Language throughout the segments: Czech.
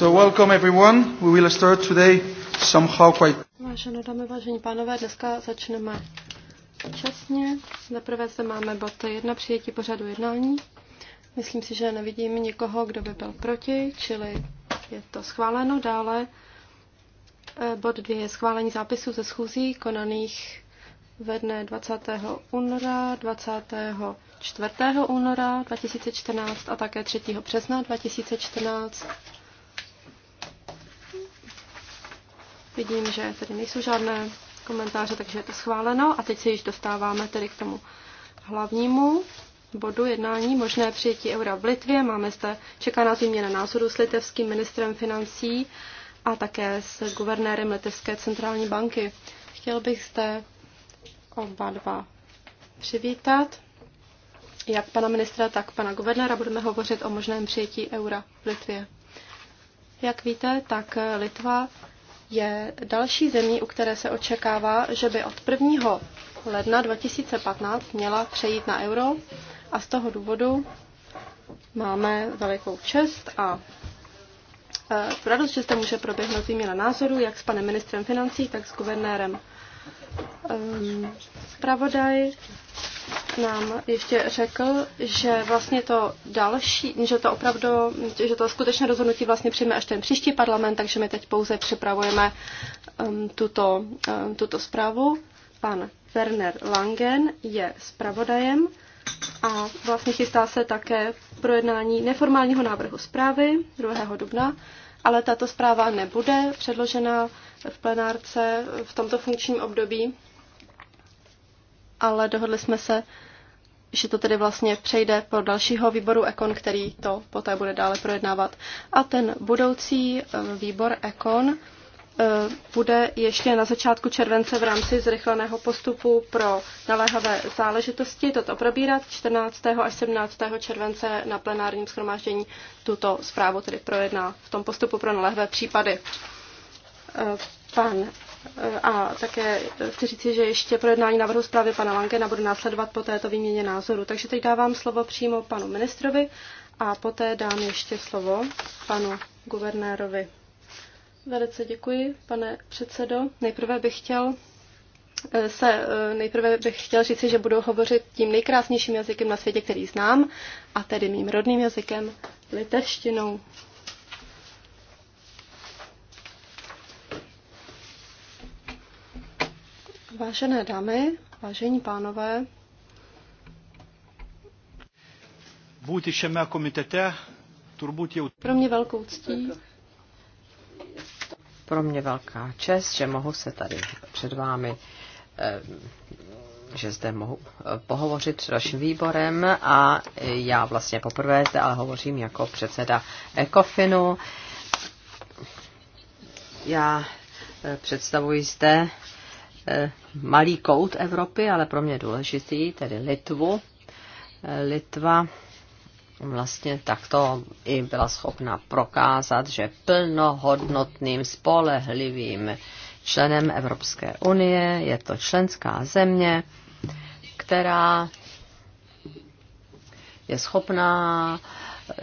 So welcome everyone. We will start today somehow quite... Vážené dámy, vážení pánové, dneska začneme časně. Zaprvé zde máme bod jedna přijetí pořadu jednání. Myslím si, že nevidím nikoho, kdo by byl proti, čili je to schváleno. Dále eh, bod 2 je schválení zápisů ze schůzí konaných ve dne 20. února, 24. února 2014 a také 3. března 2014. Vidím, že tady nejsou žádné komentáře, takže je to schváleno. A teď se již dostáváme tedy k tomu hlavnímu bodu jednání možné přijetí eura v Litvě. Máme zde, čeká nás výměna názoru s litevským ministrem financí a také s guvernérem Litevské centrální banky. Chtěl bych zde oba dva přivítat. Jak pana ministra, tak pana guvernéra budeme hovořit o možném přijetí eura v Litvě. Jak víte, tak Litva je další zemí, u které se očekává, že by od 1. ledna 2015 měla přejít na euro a z toho důvodu máme velikou čest a e, radost, že zde může proběhnout výměna názoru, jak s panem ministrem financí, tak s guvernérem. Spravodaj ehm, nám ještě řekl, že vlastně to další, že to opravdu, že to skutečné rozhodnutí vlastně přijme až ten příští parlament, takže my teď pouze připravujeme um, tuto, um, tuto zprávu. Pan Werner Langen je zpravodajem a vlastně chystá se také projednání neformálního návrhu zprávy 2. dubna, ale tato zpráva nebude předložena v plenárce v tomto funkčním období, ale dohodli jsme se, že to tedy vlastně přejde pro dalšího výboru Ekon, který to poté bude dále projednávat. A ten budoucí eh, výbor Ekon eh, bude ještě na začátku července v rámci zrychleného postupu pro naléhavé záležitosti toto probírat. 14. až 17. července na plenárním schromáždění tuto zprávu tedy projedná v tom postupu pro naléhavé případy. Eh, pan a také chci říci, že ještě projednání návrhu zprávy pana Langena bude následovat po této výměně názoru. Takže teď dávám slovo přímo panu ministrovi a poté dám ještě slovo panu guvernérovi. Velice děkuji, pane předsedo. Nejprve bych chtěl eh, se eh, nejprve bych chtěl říci, že budu hovořit tím nejkrásnějším jazykem na světě, který znám, a tedy mým rodným jazykem, litevštinou. Vážené dámy, vážení pánové, Būti šiame komitete turbūt jau... Pro mě velkou ctí. Pro mě velká čest, že mohu se tady před vámi eh, že zde mohu eh, pohovořit s vaším výborem a já vlastně poprvé zde ale hovořím jako předseda Ekofinu. Já eh, představuji zde Eh, malý kout Evropy, ale pro mě důležitý, tedy Litvu. Eh, Litva vlastně takto i byla schopna prokázat, že plnohodnotným, spolehlivým členem Evropské unie je to členská země, která je schopná,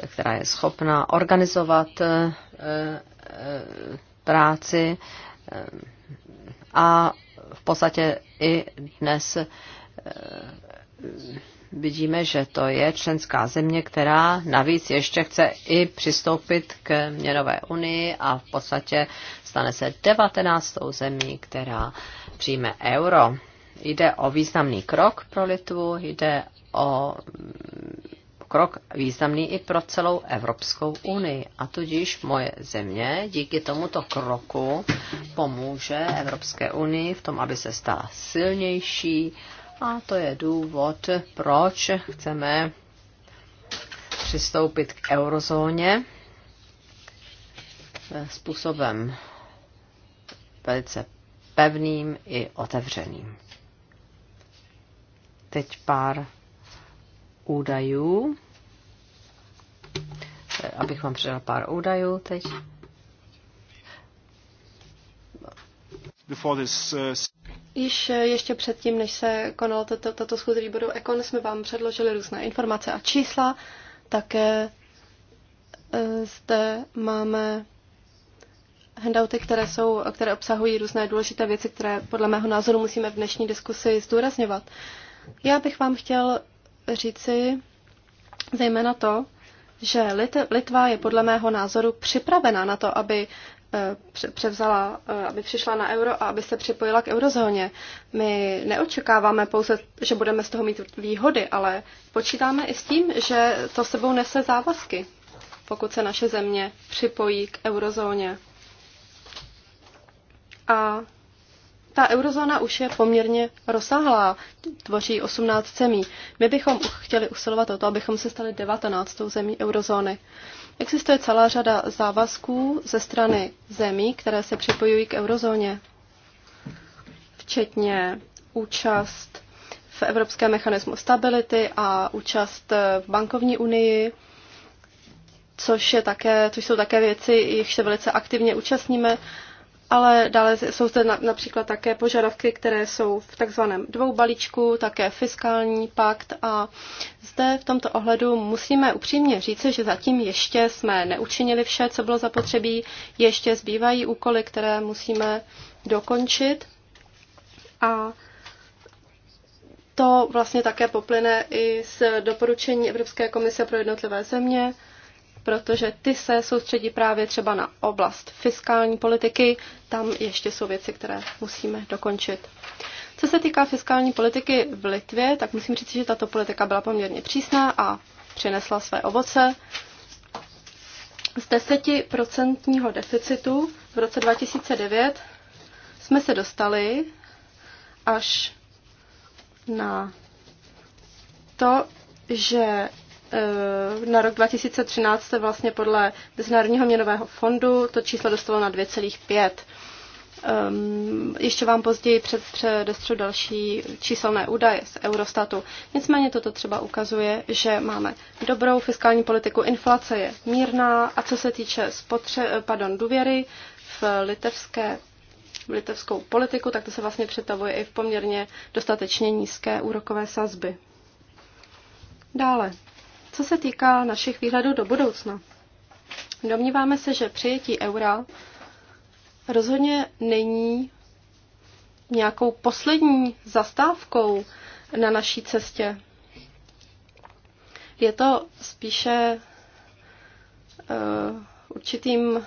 eh, která je schopná organizovat práci a v podstatě i dnes eh, vidíme, že to je členská země, která navíc ještě chce i přistoupit k měnové unii a v podstatě stane se devatenáctou zemí, která přijme euro. Jde o významný krok pro Litvu, jde o krok významný i pro celou Evropskou unii. A tudíž moje země díky tomuto kroku pomůže Evropské unii v tom, aby se stala silnější. A to je důvod, proč chceme přistoupit k eurozóně způsobem velice pevným i otevřeným. Teď pár údajů, eh, abych vám předal pár údajů teď. Eh, Již eh, ještě předtím, než se konalo tato, tato schůze výboru Ekon, jsme vám předložili různé informace a čísla. Také zde máme handouty, které, jsou, které obsahují různé důležité věci, které podle mého názoru musíme v dnešní diskusi zdůrazňovat. Já bych vám chtěl říci zejména to, že Litva je podle mého názoru připravena na to, aby eh, převzala, eh, aby přišla na euro a aby se připojila k eurozóně. My neočekáváme pouze, že budeme z toho mít výhody, ale počítáme i s tím, že to sebou nese závazky, pokud se naše země připojí k eurozóně. A ta eurozóna už je poměrně rozsáhlá, tvoří 18 zemí. My bychom chtěli usilovat o to, abychom se stali 19. zemí eurozóny. Existuje celá řada závazků ze strany zemí, které se připojují k eurozóně, včetně účast v Evropském mechanismu stability a účast v bankovní unii, což, je také, což jsou také věci, jich se velice aktivně účastníme ale dále jsou zde například také požadavky, které jsou v takzvaném dvoubalíčku, také fiskální pakt a zde v tomto ohledu musíme upřímně říci, že zatím ještě jsme neučinili vše, co bylo zapotřebí, ještě zbývají úkoly, které musíme dokončit a to vlastně také poplyne i z doporučení Evropské komise pro jednotlivé země protože ty se soustředí právě třeba na oblast fiskální politiky. Tam ještě jsou věci, které musíme dokončit. Co se týká fiskální politiky v Litvě, tak musím říct, že tato politika byla poměrně přísná a přinesla své ovoce. Z 10% deficitu v roce 2009 jsme se dostali až na to, že Eh, na rok 2013 se vlastně podle Mezinárodního měnového fondu to číslo dostalo na 2,5. Um, ehm, ještě vám později před, předestřu další číselné údaje z Eurostatu. Nicméně toto třeba ukazuje, že máme dobrou fiskální politiku, inflace je mírná a co se týče spotře- eh, pardon, důvěry v litevské v litevskou politiku, tak to se vlastně přetavuje i v poměrně dostatečně nízké úrokové sazby. Dále, co se týká našich výhledů do budoucna, domníváme se, že přijetí eura rozhodně není nějakou poslední zastávkou na naší cestě. Je to spíše uh, určitým,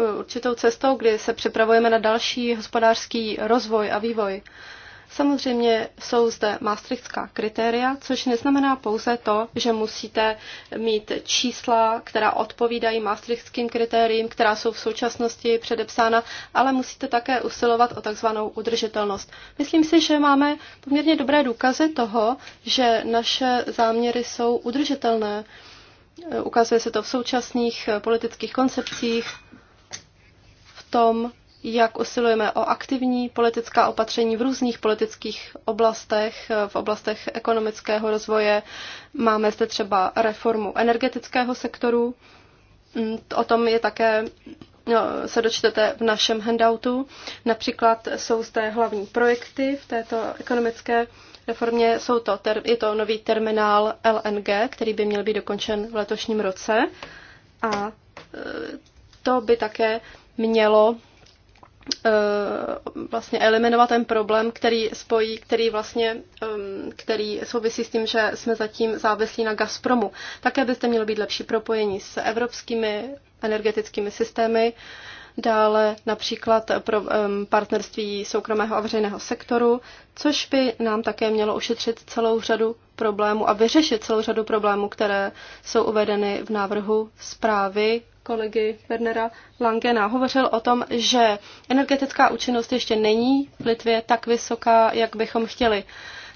eh, určitou cestou, kdy se připravujeme na další hospodářský rozvoj a vývoj. Samozřejmě jsou zde maastrichtská kritéria, což neznamená pouze to, že musíte mít čísla, která odpovídají maastrichtským kritériím, která jsou v současnosti předepsána, ale musíte také usilovat o takzvanou udržitelnost. Myslím si, že máme poměrně dobré důkazy toho, že naše záměry jsou udržitelné. Ukazuje se to v současných politických koncepcích, v tom, jak usilujeme o aktivní politická opatření v různých politických oblastech, v oblastech ekonomického rozvoje. Máme zde třeba reformu energetického sektoru. Mm, o tom je také no, se dočtete v našem handoutu. Například jsou zde hlavní projekty v této ekonomické reformě. Jsou to, je to nový terminál LNG, který by měl být dokončen v letošním roce. A e, to by také mělo Eh, vlastně eliminovat ten problém, který spojí, který vlastně, který souvisí s tím, že jsme zatím závislí na Gazpromu. Také byste mělo být lepší propojení s evropskými energetickými systémy, dále například pro partnerství soukromého a veřejného sektoru, což by nám také mělo ušetřit celou řadu problémů a vyřešit celou řadu problémů, které jsou uvedeny v návrhu zprávy kolegy Wernera Langena. Hovořil o tom, že energetická účinnost ještě není v Litvě tak vysoká, jak bychom chtěli.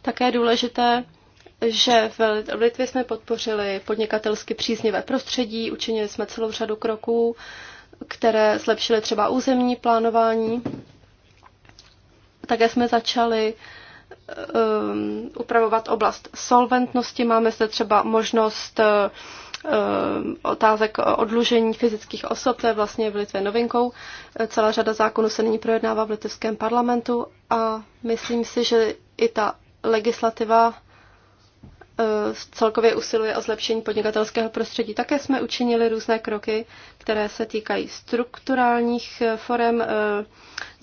Také je důležité, že v Litvě jsme podpořili podnikatelsky příznivé prostředí, učinili jsme celou řadu kroků, které zlepšily třeba územní plánování. Také jsme začali um, upravovat oblast solventnosti. Máme zde třeba možnost uh, Eh, otázek odlužení fyzických osob, to je vlastně v Litvě novinkou. Eh, celá řada zákonů se nyní projednává v litevském parlamentu a myslím si, že i ta legislativa eh, celkově usiluje o zlepšení podnikatelského prostředí. Také jsme učinili různé kroky, které se týkají strukturálních forem,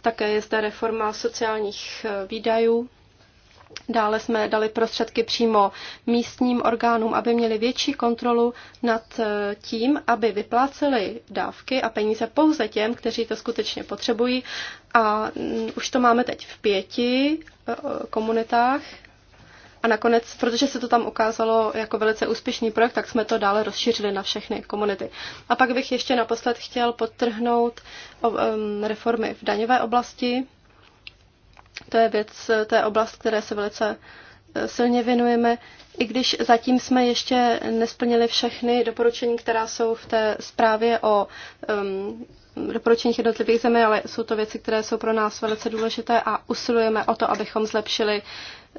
také je zde reforma sociálních výdajů Dále jsme dali prostředky přímo místním orgánům, aby měli větší kontrolu nad eh, tím, aby vypláceli dávky a peníze pouze těm, kteří to skutečně potřebují. A mm, už to máme teď v pěti eh, komunitách. A nakonec, protože se to tam ukázalo jako velice úspěšný projekt, tak jsme to dále rozšířili na všechny komunity. A pak bych ještě naposled chtěl podtrhnout reformy v daňové oblasti, to je věc, to je oblast, které se velice eh, silně věnujeme, i když zatím jsme ještě nesplnili všechny doporučení, která jsou v té zprávě o um, doporučeních jednotlivých zemí, ale jsou to věci, které jsou pro nás velice důležité a usilujeme o to, abychom zlepšili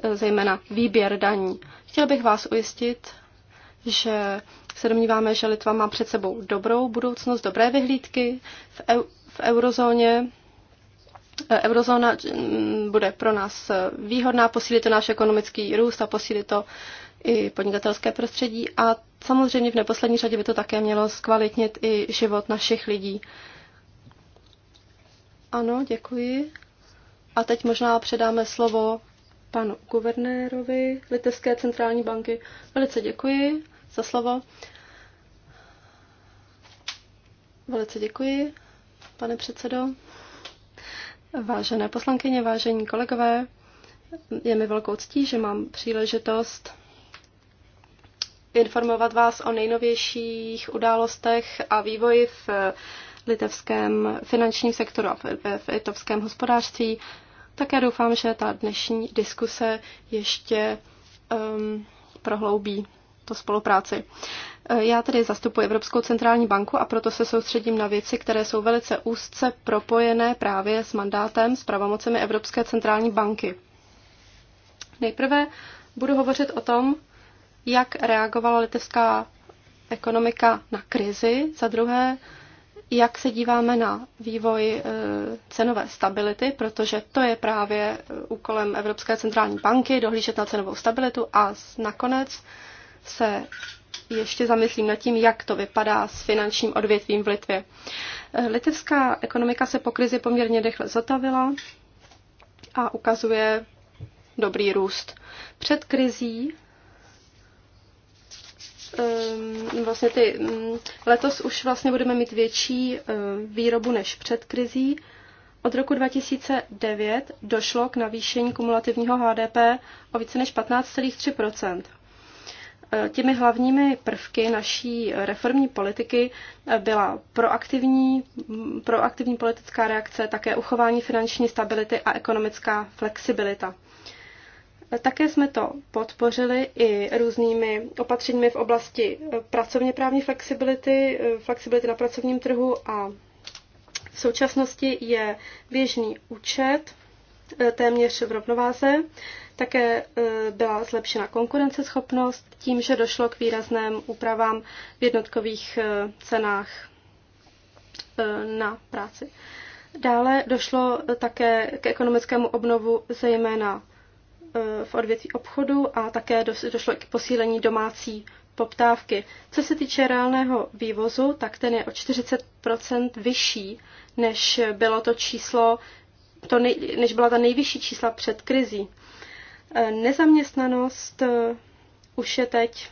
eh, zejména výběr daní. Chtěl bych vás ujistit, že se domníváme, že Litva má před sebou dobrou budoucnost, dobré vyhlídky v, eu- v eurozóně. Eh, eurozóna mm, bude pro nás eh, výhodná, posílí to náš ekonomický růst a posílí to i podnikatelské prostředí a samozřejmě v neposlední řadě by to také mělo zkvalitnit i život našich lidí. Ano, děkuji. A teď možná předáme slovo panu guvernérovi Litevské centrální banky. Velice děkuji za slovo. Velice děkuji, pane předsedo. Vážené poslankyně, vážení kolegové, je mi velkou ctí, že mám příležitost informovat vás o nejnovějších událostech a vývoji v litevském finančním sektoru a v litovském hospodářství. Také doufám, že ta dnešní diskuse ještě um, prohloubí tuto spolupráci. E, já tedy zastupuji Evropskou centrální banku a proto se soustředím na věci, které jsou velice úzce propojené právě s mandátem, s pravomocemi Evropské centrální banky. Nejprve budu hovořit o tom, jak reagovala litevská ekonomika na krizi, za druhé, jak se díváme na vývoj e, cenové stability, protože to je právě e, úkolem Evropské centrální banky dohlížet na cenovou stabilitu a nakonec se ještě zamyslím nad tím, jak to vypadá s finančním odvětvím v Litvě. Litevská ekonomika se po krizi poměrně rychle zotavila a ukazuje dobrý růst. Před krizí ehm, vlastně ty, mm, letos už vlastně budeme mít větší eh, výrobu než před krizí. Od roku 2009 došlo k navýšení kumulativního HDP o více než 15,3 E, těmi hlavními prvky naší reformní politiky byla proaktivní, proaktivní politická reakce, také uchování finanční stability a ekonomická flexibilita. E, také jsme to podpořili i různými opatřeními v oblasti e, pracovně právní flexibility, flexibility na pracovním trhu a v současnosti je běžný účet téměř v rovnováze. Také e, byla zlepšena konkurenceschopnost tím, že došlo k výrazným úpravám v jednotkových e, cenách e, na práci. Dále došlo také k ekonomickému obnovu zejména v odvětví obchodu a také došlo k posílení domácí poptávky. Co se týče reálného vývozu, tak ten je o 40 vyšší, než bylo to číslo, to nej, než byla ta nejvyšší čísla před krizí. E, nezaměstnanost e, už je teď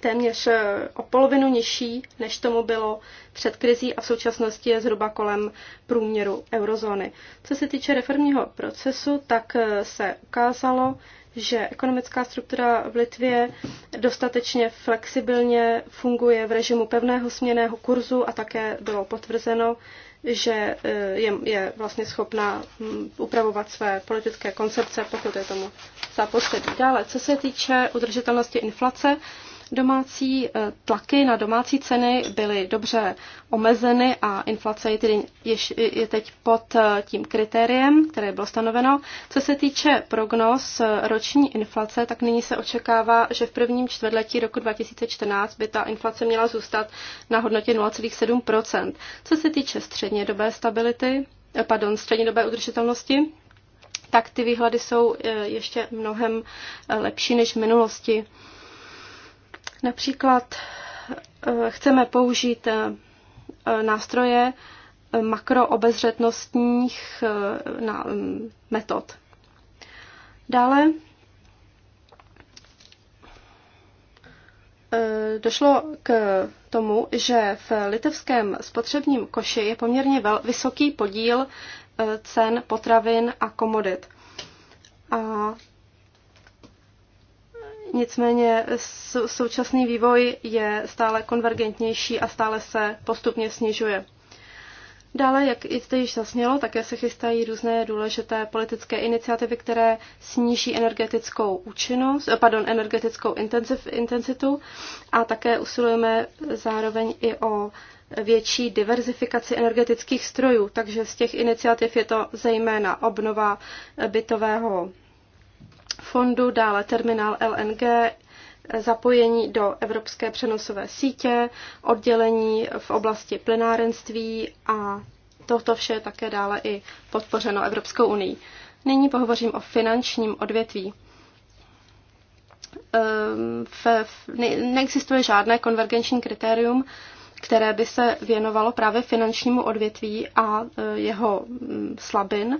téměř e, o polovinu nižší, než tomu bylo před krizí a v současnosti je zhruba kolem průměru eurozóny. Co se týče reformního procesu, tak se ukázalo, že ekonomická struktura v Litvě dostatečně flexibilně funguje v režimu pevného směného kurzu a také bylo potvrzeno, že eh, je, je vlastně schopna hm, upravovat své politické koncepce, pokud je tomu zapotřebí. Dále, co se týče udržitelnosti inflace, Domácí eh, tlaky na domácí ceny byly dobře omezeny a inflace je, tedy jež, je teď pod eh, tím kritériem, které bylo stanoveno. Co se týče prognoz eh, roční inflace, tak nyní se očekává, že v prvním čtvrtletí roku 2014 by ta inflace měla zůstat na hodnotě 0,7 Co se týče střednědobé stability, pardon, střednědobé udržitelnosti, tak ty výhledy jsou ještě mnohem lepší než v minulosti. Například eh, chceme použít eh, nástroje eh, makroobezřetnostních mm, metod. Dále došlo k tomu, že v litevském spotřebním koši je poměrně vysoký podíl cen potravin a komodit. A Nicméně současný vývoj je stále konvergentnější a stále se postupně snižuje. Dále, jak i zde již zasnělo, také se chystají různé důležité politické iniciativy, které sníží energetickou účinnost, pardon, energetickou intenziv, intenzitu a také usilujeme zároveň i o větší diverzifikaci energetických strojů. Takže z těch iniciativ je to zejména obnova bytového fondu, dále terminál LNG, zapojení do evropské přenosové sítě, oddělení v oblasti plynárenství a toto vše je také dále i podpořeno Evropskou unii. Nyní pohovořím o finančním odvětví. Ehm, neexistuje žádné konvergenční kritérium, které by se věnovalo právě finančnímu odvětví a e, jeho mm, slabin.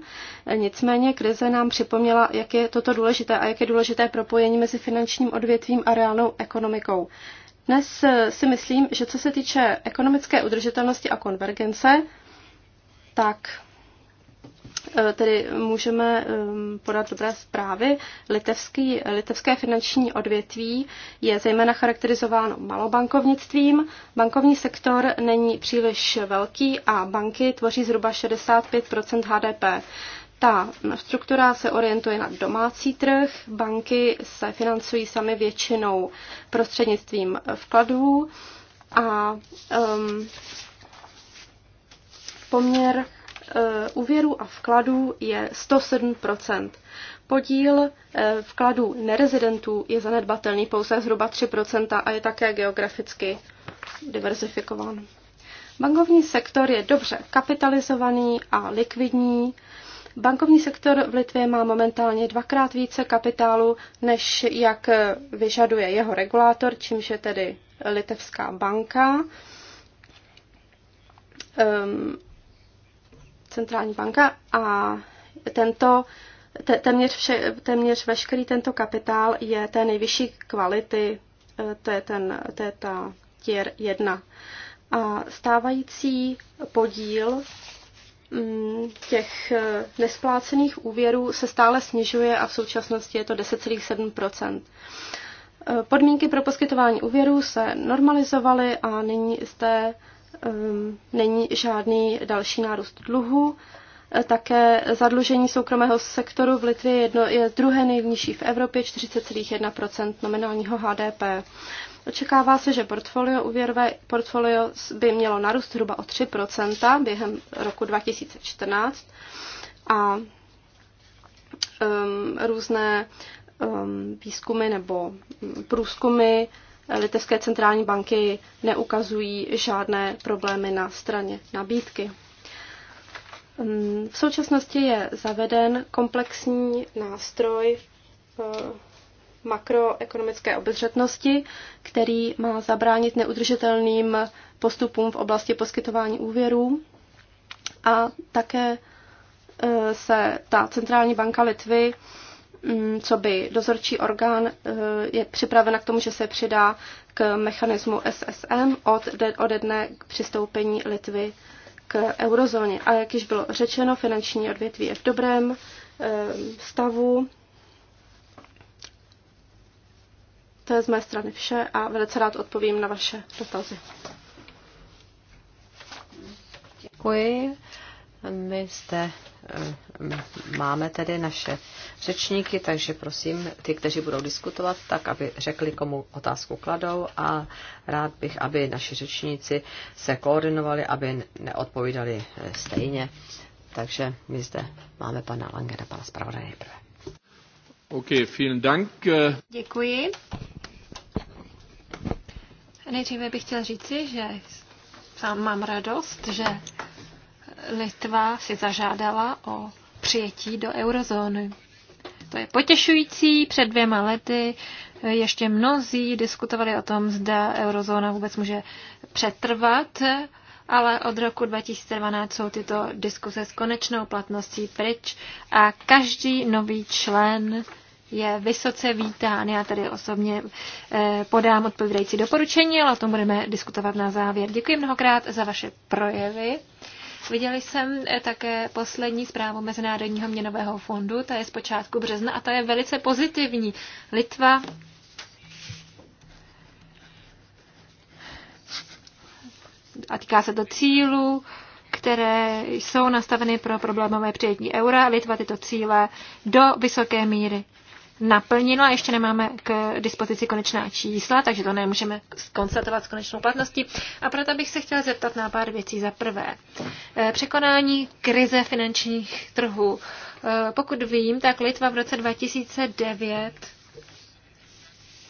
Nicméně krize nám připomněla, jak je toto důležité a jak je důležité propojení mezi finančním odvětvím a reálnou ekonomikou. Dnes e, si myslím, že co se týče ekonomické udržitelnosti a konvergence, tak Eh, tedy můžeme ehm, podat dobré zprávy. Litevský, litevské finanční odvětví je zejména charakterizováno malobankovnictvím. Bankovní sektor není příliš velký a banky tvoří zhruba 65 HDP. Ta struktura se orientuje na domácí trh, banky se financují sami většinou prostřednictvím vkladů a um, poměr Eh, úvěrů a vkladů je 107 Podíl eh, vkladů nerezidentů je zanedbatelný pouze zhruba 3 a je také geograficky diverzifikován. Bankovní sektor je dobře kapitalizovaný a likvidní. Bankovní sektor v Litvě má momentálně dvakrát více kapitálu, než jak eh, vyžaduje jeho regulátor, čímž je tedy Litevská banka. Ehm, centrální banka a tento téměř, vše, téměř veškerý tento kapitál je té nejvyšší kvality, eh, to je, ten, to je ta tier 1. A stávající podíl mm, těch eh, nesplácených úvěrů se stále snižuje a v současnosti je to 10,7 eh, Podmínky pro poskytování úvěrů se normalizovaly a nyní zde Ehm, není žádný další nárůst dluhu. Eh, také zadlužení soukromého sektoru v Litvě jedno, je druhé nejnižší v Evropě, 40,1 nominálního HDP. Očekává se, že portfolio úvěrové portfolio by mělo narůst zhruba o 3 během roku 2014 a um, různé um, výzkumy nebo mm, průzkumy litevské centrální banky neukazují žádné problémy na straně nabídky. V současnosti je zaveden komplexní nástroj eh, makroekonomické obezřetnosti, který má zabránit neudržitelným postupům v oblasti poskytování úvěrů. A také eh, se ta centrální banka Litvy Mm, co by dozorčí orgán eh, je připravena k tomu, že se přidá k mechanismu SSM od, ode dne přistoupení Litvy k eurozóně. A jak již bylo řečeno, finanční odvětví je v dobrém eh, stavu. To je z mé strany vše a velice rád odpovím na vaše dotazy. Děkuji. My zde eh, máme tedy naše řečníky, takže prosím ty, kteří budou diskutovat, tak aby řekli, komu otázku kladou a rád bych, aby naši řečníci se koordinovali, aby neodpovídali eh, stejně. Takže my zde máme pana Langera, pana zpravodaje nejprve. OK, vielen Dank. Eh. Děkuji. Nejdříve bych chtěl říci, že sám mám radost, že Litva si zažádala o přijetí do eurozóny. To je potěšující. Před dvěma lety ještě mnozí diskutovali o tom, zda eurozóna vůbec může přetrvat, ale od roku 2012 jsou tyto diskuse s konečnou platností pryč a každý nový člen je vysoce vítán. Já tady osobně eh, podám odpovídající doporučení, ale o tom budeme diskutovat na závěr. Děkuji mnohokrát za vaše projevy. Viděli jsem eh, také poslední zprávu Mezinárodního měnového fondu, ta je z počátku března a ta je velice pozitivní. Litva a týká se to cílů, které jsou nastaveny pro problémové přijetí eura. Litva tyto cíle do vysoké míry naplněno a ještě nemáme k dispozici konečná čísla, takže to nemůžeme konstatovat s konečnou platností. A proto bych se chtěla zeptat na pár věcí. Za prvé, eh, překonání krize finančních trhů. Eh, pokud vím, tak Litva v roce 2009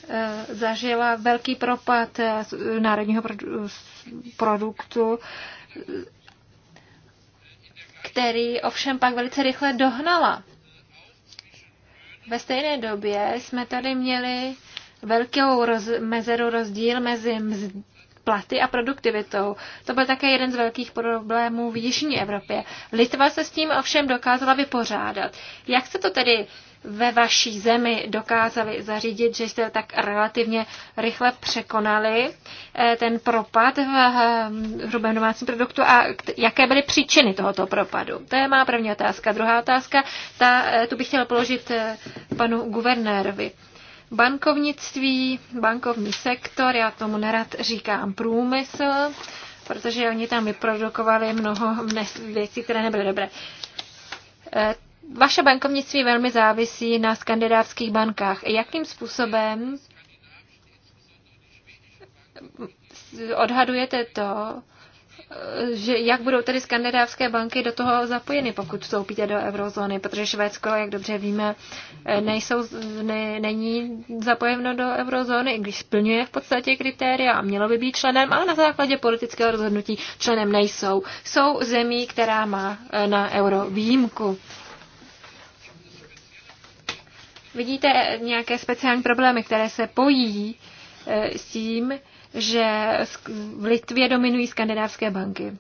eh, zažila velký propad národního produktu, který ovšem pak velice rychle dohnala. Ve stejné době jsme tady měli velkou roz, mezeru rozdíl mezi mzd, platy a produktivitou. To byl také jeden z velkých problémů v Jižní Evropě. Litva se s tím ovšem dokázala vypořádat. Jak se to tedy ve vaší zemi dokázali zařídit, že jste tak relativně rychle překonali eh, ten propad eh, v hrubém domácím produktu a jaké byly příčiny tohoto propadu? To je má první otázka. Druhá otázka, ta, eh, tu bych chtěla položit panu guvernérovi. Bankovnictví, bankovní sektor, já tomu nerad říkám průmysl, protože oni tam vyprodukovali mnoho věcí, které nebyly dobré. Eh, vaše bankovnictví velmi závisí na skandinávských bankách. Jakým způsobem odhadujete to, že jak budou tedy skandinávské banky do toho zapojeny, pokud vstoupíte do eurozóny, protože Švédsko, jak dobře víme, nejsou, ne, není zapojeno do eurozóny, i když splňuje v podstatě kritéria a mělo by být členem, ale na základě politického rozhodnutí členem nejsou. Jsou zemí, která má eh, na euro výjimku. Vidíte nějaké speciální problémy, které se pojí eh, s tím, že v Litvě dominují skandinávské banky.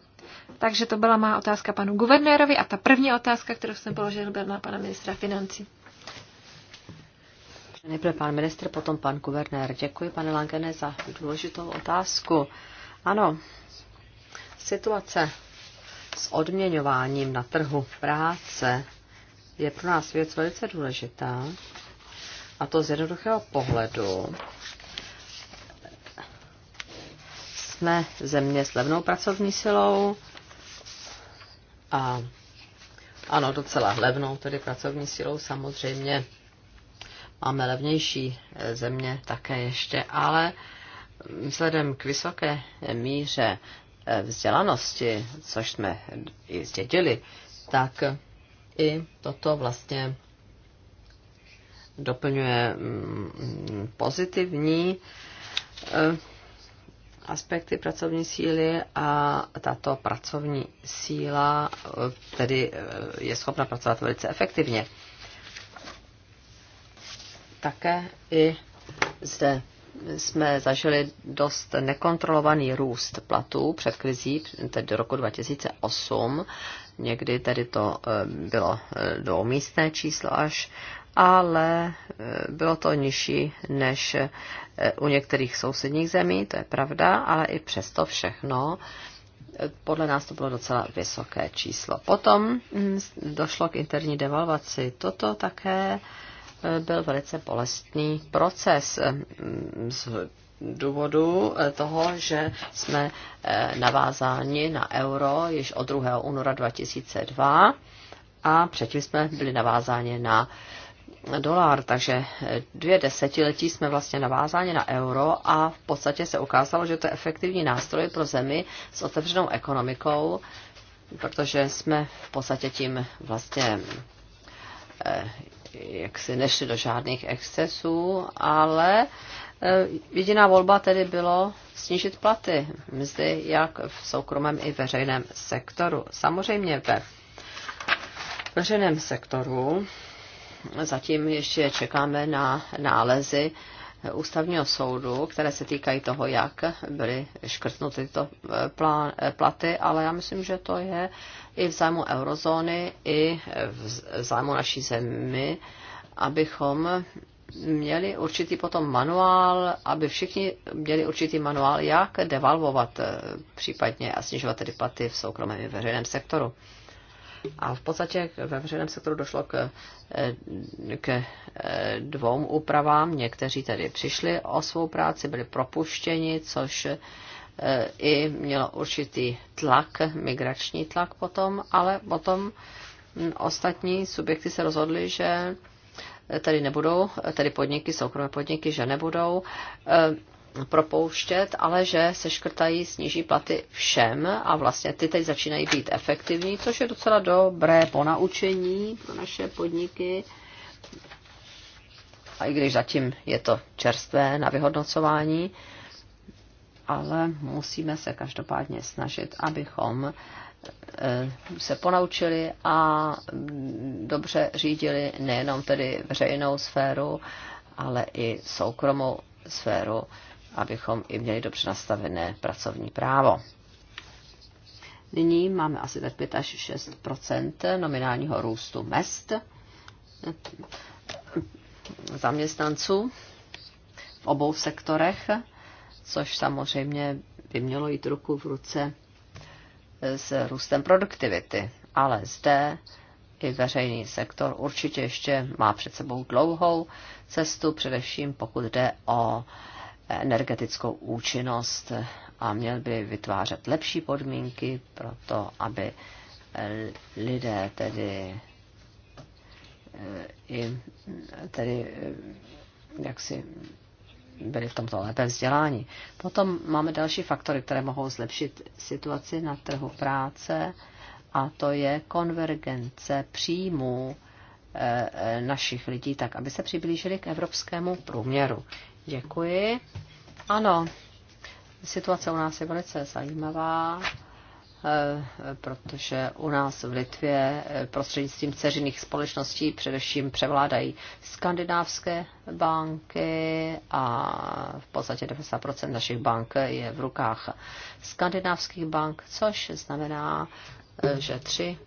Takže to byla má otázka panu guvernérovi a ta první otázka, kterou jsem položil, byla na pana ministra financí. Nejprve pan ministr, potom pan guvernér. Děkuji, pane Langene, za důležitou otázku. Ano, situace s odměňováním na trhu práce je pro nás věc velice důležitá. A to z jednoduchého pohledu, jsme země s levnou pracovní silou a ano, docela levnou, tedy pracovní silou samozřejmě. Máme levnější eh, země také ještě, ale vzhledem k vysoké eh, míře eh, vzdělanosti, což jsme i zdědili, tak i toto vlastně doplňuje mm, pozitivní aspekty pracovní síly a tato pracovní síla eh, tedy eh, je schopna pracovat velice efektivně. Také i zde jsme zažili dost nekontrolovaný růst platů před krizí, tedy do roku 2008. Někdy tedy to eh, bylo dvoumístné číslo až ale e, bylo to nižší než e, u některých sousedních zemí, to je pravda, ale i přesto všechno e, podle nás to bylo docela vysoké číslo. Potom mm, došlo k interní devalvaci. Toto také byl velice bolestný proces z důvodu toho, že jsme navázáni na euro již od 2. února 2002 a předtím jsme byli navázáni na dolar, takže dvě desetiletí jsme vlastně navázáni na euro a v podstatě se ukázalo, že to je efektivní nástroj pro zemi s otevřenou ekonomikou, protože jsme v podstatě tím vlastně eh, jak si nešli do žádných excesů, ale eh, jediná volba tedy bylo snížit platy, mzdy jak v soukromém i veřejném sektoru. Samozřejmě ve veřejném sektoru zatím ještě čekáme na nálezy ústavního soudu, které se týkají toho, jak byly škrtnuty tyto eh, eh, platy, ale já myslím, že to je i v zájmu eurozóny, i v zájmu naší zemi, abychom měli určitý potom manuál, aby všichni měli určitý manuál, jak devalvovat eh, případně a snižovat tedy platy v soukromém i veřejném sektoru. A v podstatě ve veřejném sektoru došlo k, eh, k eh, dvou úpravám. Někteří tedy přišli o svou práci, byli propuštěni, což eh, i mělo určitý tlak, migrační tlak potom, ale potom hm, ostatní subjekty se rozhodly, že tedy nebudou, tedy podniky, soukromé podniky, že nebudou propouštět, ale že se škrtají, sníží platy všem a vlastně ty teď začínají být efektivní, což je docela dobré ponaučení pro naše podniky. A i když zatím je to čerstvé na vyhodnocování, ale musíme se každopádně snažit, abychom eh, se ponaučili a mm, dobře řídili nejenom tedy veřejnou sféru, ale i soukromou sféru abychom i měli dobře nastavené pracovní právo. Nyní máme asi tak 5 až 6 nominálního růstu mest zaměstnanců v obou sektorech, což samozřejmě by mělo jít ruku v ruce s růstem produktivity. Ale zde i veřejný sektor určitě ještě má před sebou dlouhou cestu, především pokud jde o uh, energetickou účinnost a měl by vytvářet lepší podmínky pro to, aby lidé tedy eh, i tedy eh, jak si byli v tomto lépe vzdělání. Potom máme další faktory, které mohou zlepšit situaci na trhu práce a to je konvergence příjmů eh, našich lidí tak, aby se přiblížili k evropskému průměru. Děkuji. Ano, situace u nás je velice zajímavá, eh, protože u nás v Litvě eh, prostřednictvím ceřiných společností především převládají skandinávské banky a v podstatě 90% našich bank je v rukách skandinávských bank, což znamená, eh, že tři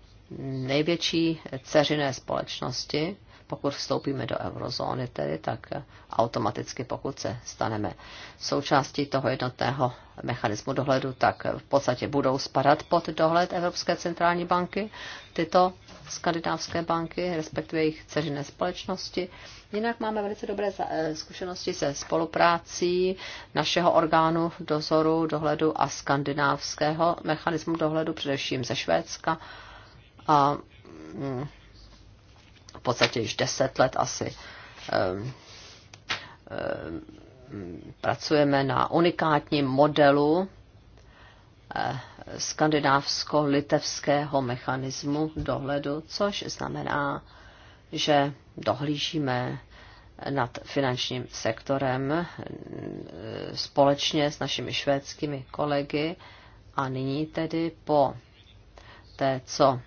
největší ceřiné společnosti pokud vstoupíme do eurozóny tedy, tak automaticky, pokud se staneme součástí toho jednotného mechanismu dohledu, tak v podstatě budou spadat pod dohled Evropské centrální banky tyto skandinávské banky, respektive jejich ceřinné společnosti. Jinak máme velice dobré eh, zkušenosti se spoluprácí našeho orgánu dozoru, dohledu a skandinávského mechanismu dohledu, především ze Švédska. A mm, v podstatě již deset let asi ehm, ehm, pracujeme na unikátním modelu eh, skandinávsko-litevského mechanismu dohledu, což znamená, že dohlížíme nad finančním sektorem eh, společně s našimi švédskými kolegy a nyní tedy po té, co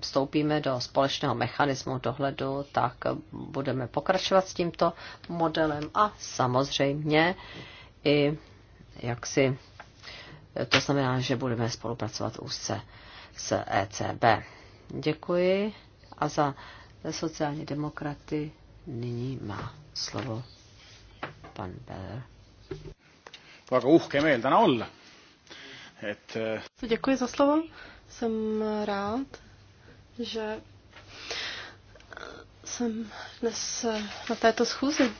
vstoupíme do společného mechanismu dohledu, tak budeme pokračovat s tímto modelem a samozřejmě i jak si to znamená, že budeme spolupracovat úzce s ECB. Děkuji a za sociální demokraty nyní má slovo pan Beller. Väga uhke meel olla. Et... Děkuji za slovo. Jsem rád, že jsem dnes na této schůzi.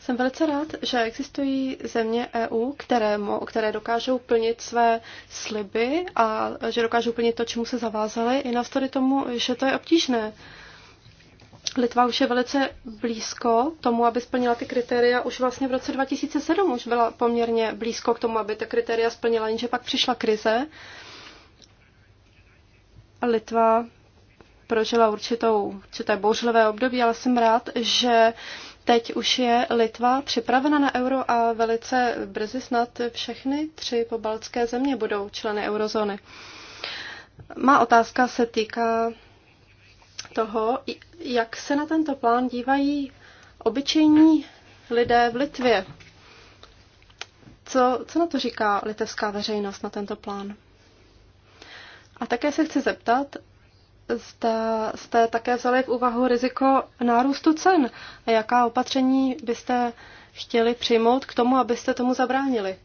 Jsem velice rád, že existují země EU, které, které dokážou plnit své sliby a že dokážou plnit to, čemu se zavázaly, i navzdory tomu, že to je obtížné. Litva už je velice blízko tomu, aby splnila ty kritéria. Už vlastně v roce 2007 už byla poměrně blízko k tomu, aby ta kritéria splnila, jenže pak přišla krize. Litva prožila určitou, určité bouřlivé období, ale jsem rád, že teď už je Litva připravena na euro a velice brzy snad všechny tři pobaltské země budou členy eurozóny. Má otázka se týká toho, jak se na tento plán dívají obyčejní lidé v Litvě. Co, co na to říká litevská veřejnost na tento plán? A také se chci zeptat, zda jste také vzali v úvahu riziko nárůstu cen a jaká opatření byste chtěli přijmout k tomu, abyste tomu zabránili.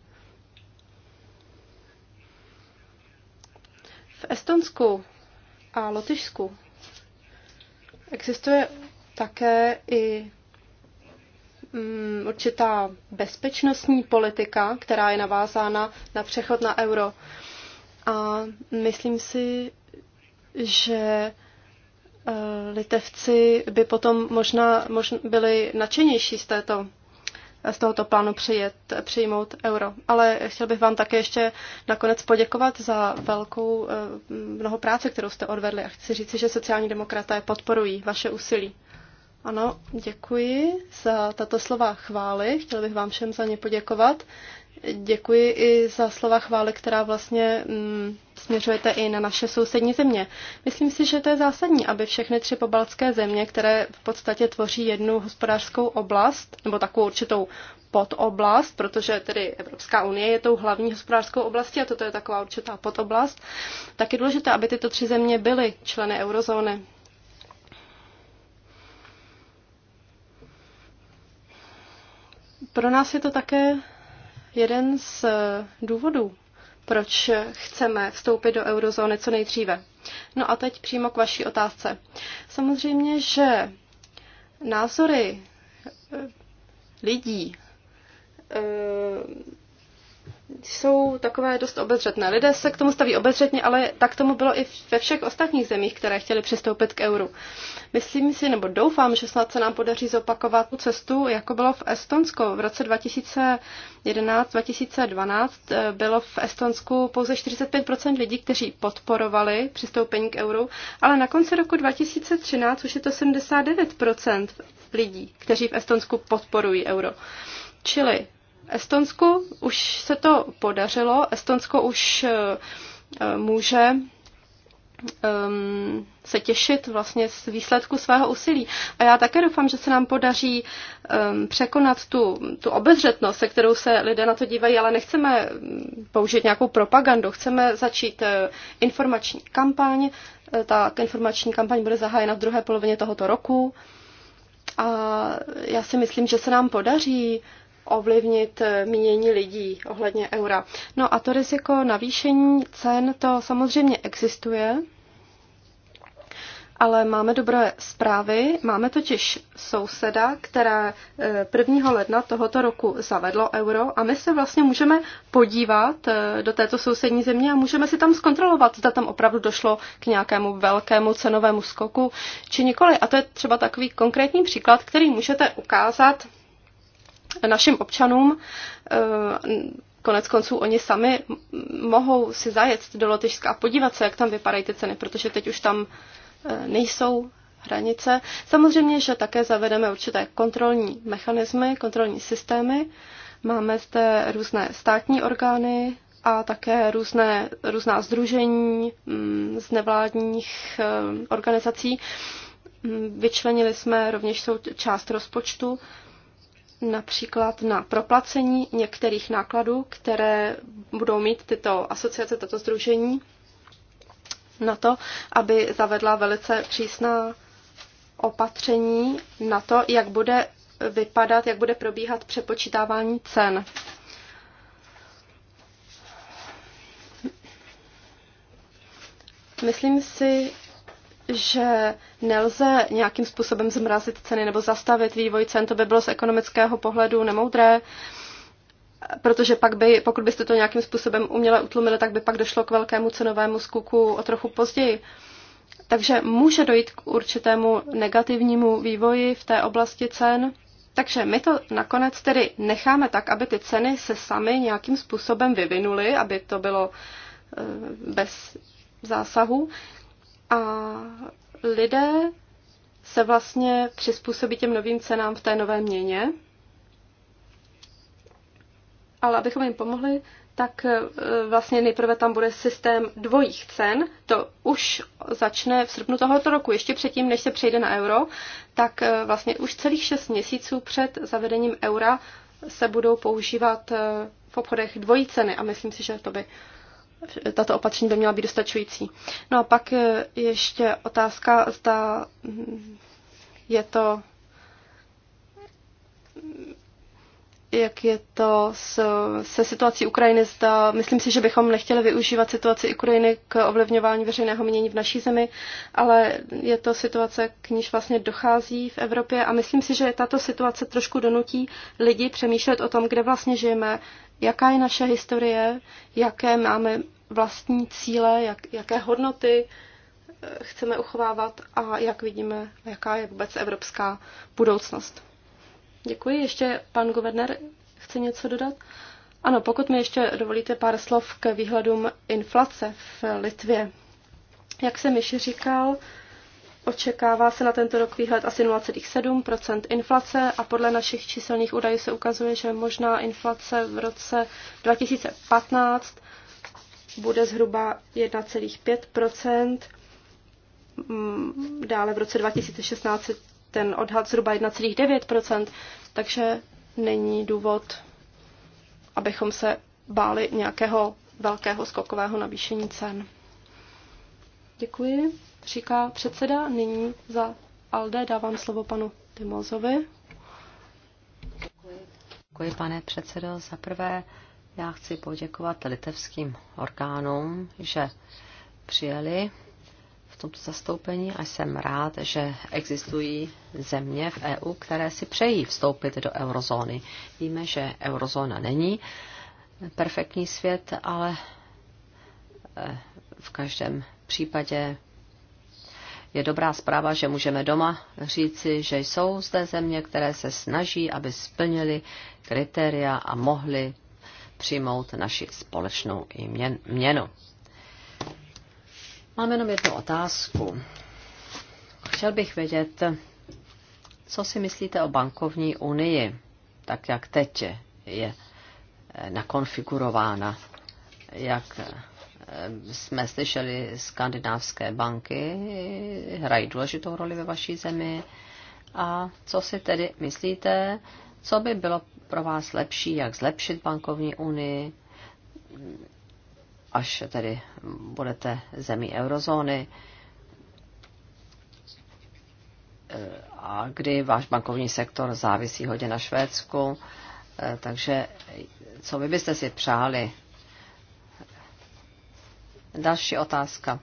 V Estonsku a Lotyšsku Existuje také i mm, určitá bezpečnostní politika, která je navázána na přechod na euro. A myslím si, že eh, litevci by potom možná, byli nadšenější z této z tohoto plánu přijet, přijmout euro. Ale chtěl bych vám také ještě nakonec poděkovat za velkou eh, mnoho práce, kterou jste odvedli a chci říci, že sociální demokraté podporují vaše úsilí. Ano, děkuji za tato slova chvály. Chtěl bych vám všem za ně poděkovat. Děkuji i za slova chvály, která vlastně mm, směřujete i na naše sousední země. Myslím si, že to je zásadní, aby všechny tři pobaltské země, které v podstatě tvoří jednu hospodářskou oblast, nebo takovou určitou podoblast, protože tedy Evropská unie je tou hlavní hospodářskou oblastí a toto je taková určitá podoblast, tak je důležité, aby tyto tři země byly členy eurozóny. Pro nás je to také jeden z eh, důvodů, proč chceme vstoupit do eurozóny co nejdříve. No a teď přímo k vaší otázce. Samozřejmě, že názory eh, lidí eh, jsou takové dost obezřetné. Lidé se k tomu staví obezřetně, ale tak tomu bylo i ve všech ostatních zemích, které chtěly přistoupit k euru. Myslím si, nebo doufám, že snad se nám podaří zopakovat tu cestu, jako bylo v Estonsku. V roce 2011-2012 eh, bylo v Estonsku pouze 45% lidí, kteří podporovali přistoupení k euru, ale na konci roku 2013 už je to 79% lidí, kteří v Estonsku podporují euro. Čili Estonsku už se to podařilo. Estonsko už eh, může ehm, se těšit vlastně z výsledku svého úsilí. A já také doufám, že se nám podaří ehm, překonat tu, tu obezřetnost, se kterou se lidé na to dívají, ale nechceme mm, použít nějakou propagandu, chceme začít eh, informační kampaň. Eh, ta informační kampaň bude zahájena v druhé polovině tohoto roku. A já si myslím, že se nám podaří uh, ovlivnit eh, mínění lidí ohledně eura. No a to riziko navýšení cen, to samozřejmě existuje, ale máme dobré zprávy. Máme totiž souseda, která 1. Eh, ledna tohoto roku zavedlo euro a my se vlastně můžeme podívat eh, do této sousední země a můžeme si tam zkontrolovat, zda tam opravdu došlo k nějakému velkému cenovému skoku či nikoli. A to je třeba takový konkrétní příklad, který můžete ukázat našim občanům. E, konec konců oni sami mohou si zajet do Lotyšska a podívat se, jak tam vypadají ty ceny, protože teď už tam e, nejsou hranice. Samozřejmě, že také zavedeme určité kontrolní mechanismy, kontrolní systémy. Máme zde různé státní orgány a také různé, různá združení mm, z nevládních e, organizací. Mm, vyčlenili jsme rovněž část rozpočtu například na proplacení některých nákladů, které budou mít tyto asociace, tato združení, na to, aby zavedla velice přísná opatření na to, jak bude vypadat, jak bude probíhat přepočítávání cen. Myslím si, že nelze nějakým způsobem zmrazit ceny nebo zastavit vývoj cen, to by bylo z ekonomického pohledu nemoudré, protože pak by, pokud byste to nějakým způsobem uměle utlumili, tak by pak došlo k velkému cenovému skoku o trochu později. Takže může dojít k určitému negativnímu vývoji v té oblasti cen. Takže my to nakonec tedy necháme tak, aby ty ceny se samy nějakým způsobem vyvinuly, aby to bylo eh, bez zásahu a lidé se vlastně přizpůsobí těm novým cenám v té nové měně. Ale abychom jim pomohli, tak e, vlastně nejprve tam bude systém dvojích cen. To už začne v srpnu tohoto roku, ještě předtím, než se přejde na euro, tak e, vlastně už celých šest měsíců před zavedením eura se budou používat e, v obchodech dvojí ceny a myslím si, že to by tato opatření by měla být dostačující. No a pak ještě otázka, zda je to jak je to s, se situací Ukrajiny. Zda, myslím si, že bychom nechtěli využívat situaci Ukrajiny k ovlivňování veřejného mění v naší zemi, ale je to situace, k níž vlastně dochází v Evropě a myslím si, že tato situace trošku donutí lidi přemýšlet o tom, kde vlastně žijeme, jaká je naše historie, jaké máme vlastní cíle, jak, jaké hodnoty eh, chceme uchovávat a jak vidíme, jaká je vůbec evropská budoucnost. Děkuji. Ještě pan guvernér chce něco dodat? Ano, pokud mi ještě dovolíte pár slov k výhledům inflace v Litvě. Jak jsem již říkal, očekává se na tento rok výhled asi 0,7 inflace a podle našich číselných údajů se ukazuje, že možná inflace v roce 2015 bude zhruba 1,5 mm, Dále v roce 2016 ten odhad zhruba 1,9%, takže není důvod, abychom se báli nějakého velkého skokového navýšení cen. Děkuji, říká předseda. Nyní za Alde dávám slovo panu Timozovi. Děkuji. Děkuji, pane předsedo. Za prvé já chci poděkovat litevským orgánům, že přijeli tomto zastoupení a jsem rád, že existují země v EU, které si přejí vstoupit do eurozóny. Víme, že eurozóna není perfektní svět, ale eh, v každém případě je dobrá zpráva, že můžeme doma říci, že jsou zde země, které se snaží, aby splnili kritéria a mohli přijmout naši společnou měnu. Mám jenom jednu otázku. Chtěl bych vědět, co si myslíte o bankovní unii, tak jak teď je eh, nakonfigurována, jak eh, jsme slyšeli, skandinávské banky hrají důležitou roli ve vaší zemi. A co si tedy myslíte, co by bylo pro vás lepší, jak zlepšit bankovní unii, až tedy budete zemí eurozóny, eh, a kdy váš bankovní sektor závisí hodně na Švédsku. Eh, takže co vy byste si přáli? Další otázka.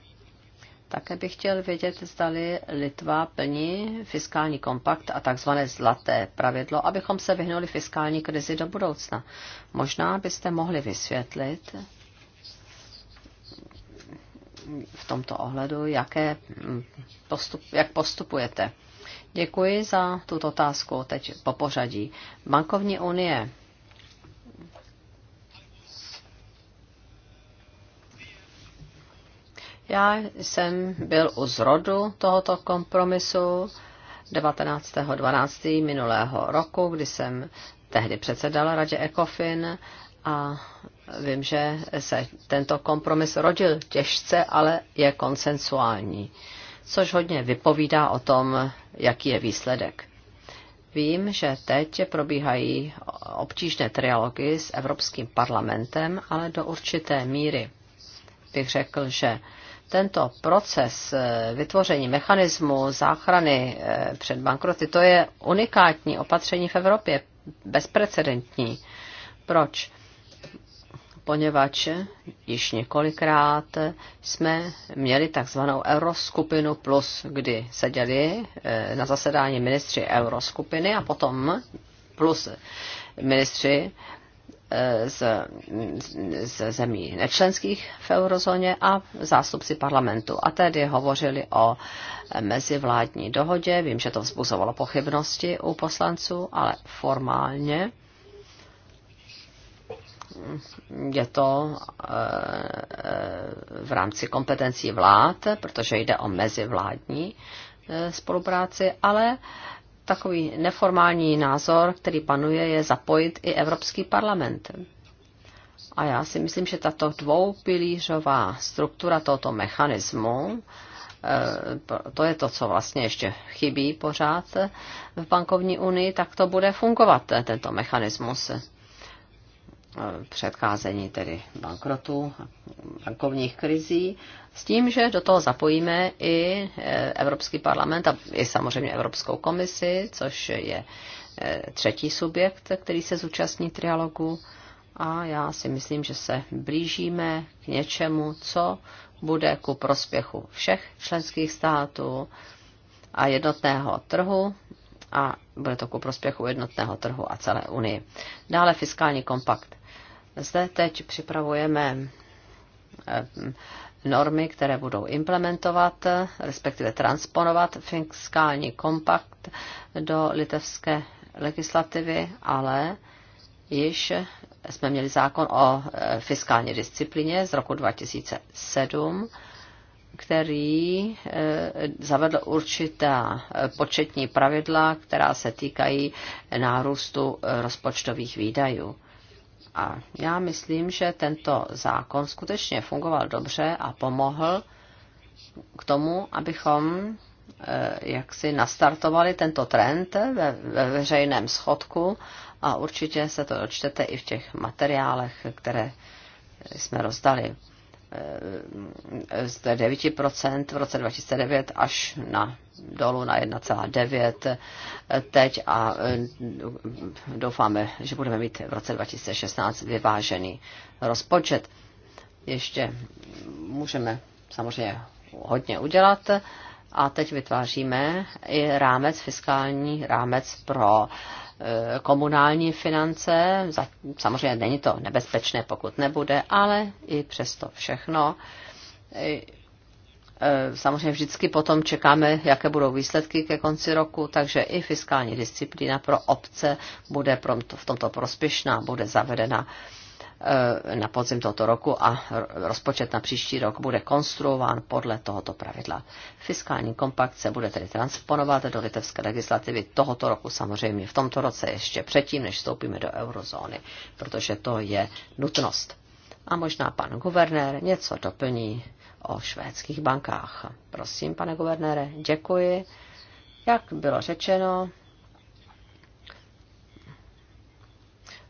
Také bych chtěl vědět, zdali Litva plní fiskální kompakt a takzvané zlaté pravidlo, abychom se vyhnuli fiskální krizi do budoucna. Možná byste mohli vysvětlit, v tomto ohledu, jaké mm, postup, jak postupujete. Děkuji za tuto otázku. Teď po pořadí. Bankovní unie. Já jsem byl u zrodu tohoto kompromisu 19.12. minulého roku, kdy jsem tehdy předsedala radě ECOFIN a vím, že se tento kompromis rodil těžce, ale je konsensuální, což hodně vypovídá o tom, jaký je výsledek. Vím, že teď probíhají obtížné trialogy s Evropským parlamentem, ale do určité míry bych řekl, že tento proces eh, vytvoření mechanismu záchrany eh, před bankroty, to je unikátní opatření v Evropě, bezprecedentní. Proč? poněvadž již několikrát jsme měli takzvanou Euroskupinu plus, kdy seděli e, na zasedání ministři Euroskupiny a potom plus ministři e, z, z zemí nečlenských v eurozóně a zástupci parlamentu. A tedy hovořili o mezivládní dohodě. Vím, že to vzbuzovalo pochybnosti u poslanců, ale formálně je to eh, v rámci kompetencí vlád, protože jde o mezivládní eh, spolupráci, ale takový neformální názor, který panuje, je zapojit i Evropský parlament. A já si myslím, že tato dvoupilířová struktura tohoto mechanismu, eh, to je to, co vlastně ještě chybí pořád v bankovní unii, tak to bude fungovat, tento mechanismus předcházení tedy bankrotu, bankovních krizí, s tím, že do toho zapojíme i e, Evropský parlament a i samozřejmě Evropskou komisi, což je e, třetí subjekt, který se zúčastní trialogu. A já si myslím, že se blížíme k něčemu, co bude ku prospěchu všech členských států a jednotného trhu a bude to ku prospěchu jednotného trhu a celé Unii. Dále fiskální kompakt. Zde teď připravujeme eh, normy, které budou implementovat, respektive transponovat fiskální kompakt do litevské legislativy, ale již jsme měli zákon o eh, fiskální disciplině z roku 2007, který eh, zavedl určitá početní pravidla, která se týkají nárůstu rozpočtových výdajů. A já myslím, že tento zákon skutečně fungoval dobře a pomohl k tomu, abychom eh, jak si nastartovali tento trend ve, ve veřejném schodku a určitě se to dočtete i v těch materiálech, které jsme rozdali. Eh, z 9% v roce 2009 až na dolů na 1,9 eh, teď a eh, doufáme, že budeme mít v roce 2016 vyvážený rozpočet. Ještě můžeme samozřejmě hodně udělat a teď vytváříme i rámec, fiskální rámec pro Eh, komunální finance. Samozřejmě není to nebezpečné, pokud nebude, ale i přesto všechno. Eh, eh, samozřejmě vždycky potom čekáme, jaké budou výsledky ke konci roku, takže i fiskální disciplína pro obce bude v tomto prospěšná, bude zavedena Eh, na podzim tohoto roku a rozpočet na příští rok bude konstruován podle tohoto pravidla. Fiskální kompakt se bude tedy transponovat do litevské legislativy tohoto roku samozřejmě, v tomto roce ještě předtím, než vstoupíme do eurozóny, protože to je nutnost. A možná pan guvernér něco doplní o švédských bankách. Prosím, pane guvernére, děkuji. Jak bylo řečeno,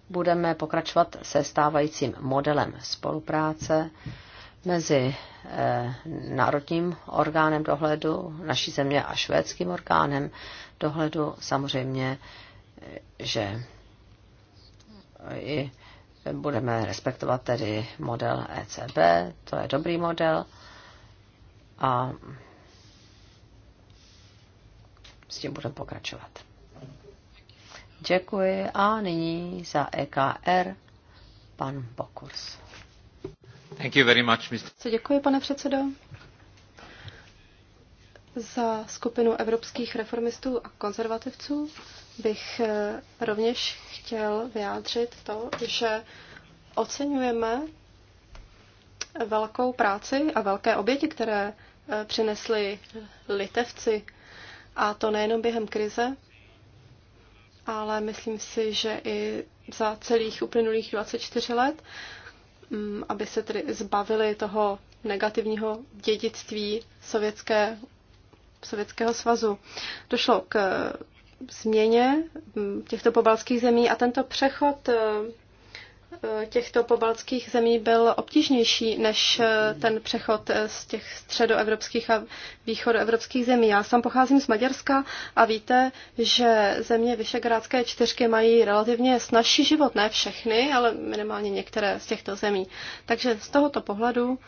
budeme pokračovat se stávajícím modelem spolupráce mezi eh, národním orgánem dohledu naší země a švédským orgánem dohledu. Samozřejmě, eh, že eh, i budeme respektovat tedy model ECB, to je dobrý model a s tím budeme pokračovat. Děkuji a nyní za EKR pan Bokurs. Thank you very much, Mr. Děkuji, pane předsedo. Za skupinu evropských reformistů a konzervativců bych eh, rovněž chtěl vyjádřit to, že oceňujeme velkou práci a velké oběti, které eh, přinesli litevci, a to nejenom během krize, ale myslím si, že i za celých uplynulých 24 let, mm, aby se tedy zbavili toho negativního dědictví sovětské, Sovětského svazu. Došlo k e, změně mm, těchto pobalských zemí a tento přechod e, těchto pobaltských zemí byl obtížnější než eh, ten přechod eh, z těch středoevropských a východoevropských zemí. Já sám pocházím z Maďarska a víte, že země Vyšegrádské čtyřky mají relativně snažší život, ne všechny, ale minimálně některé z těchto zemí. Takže z tohoto pohledu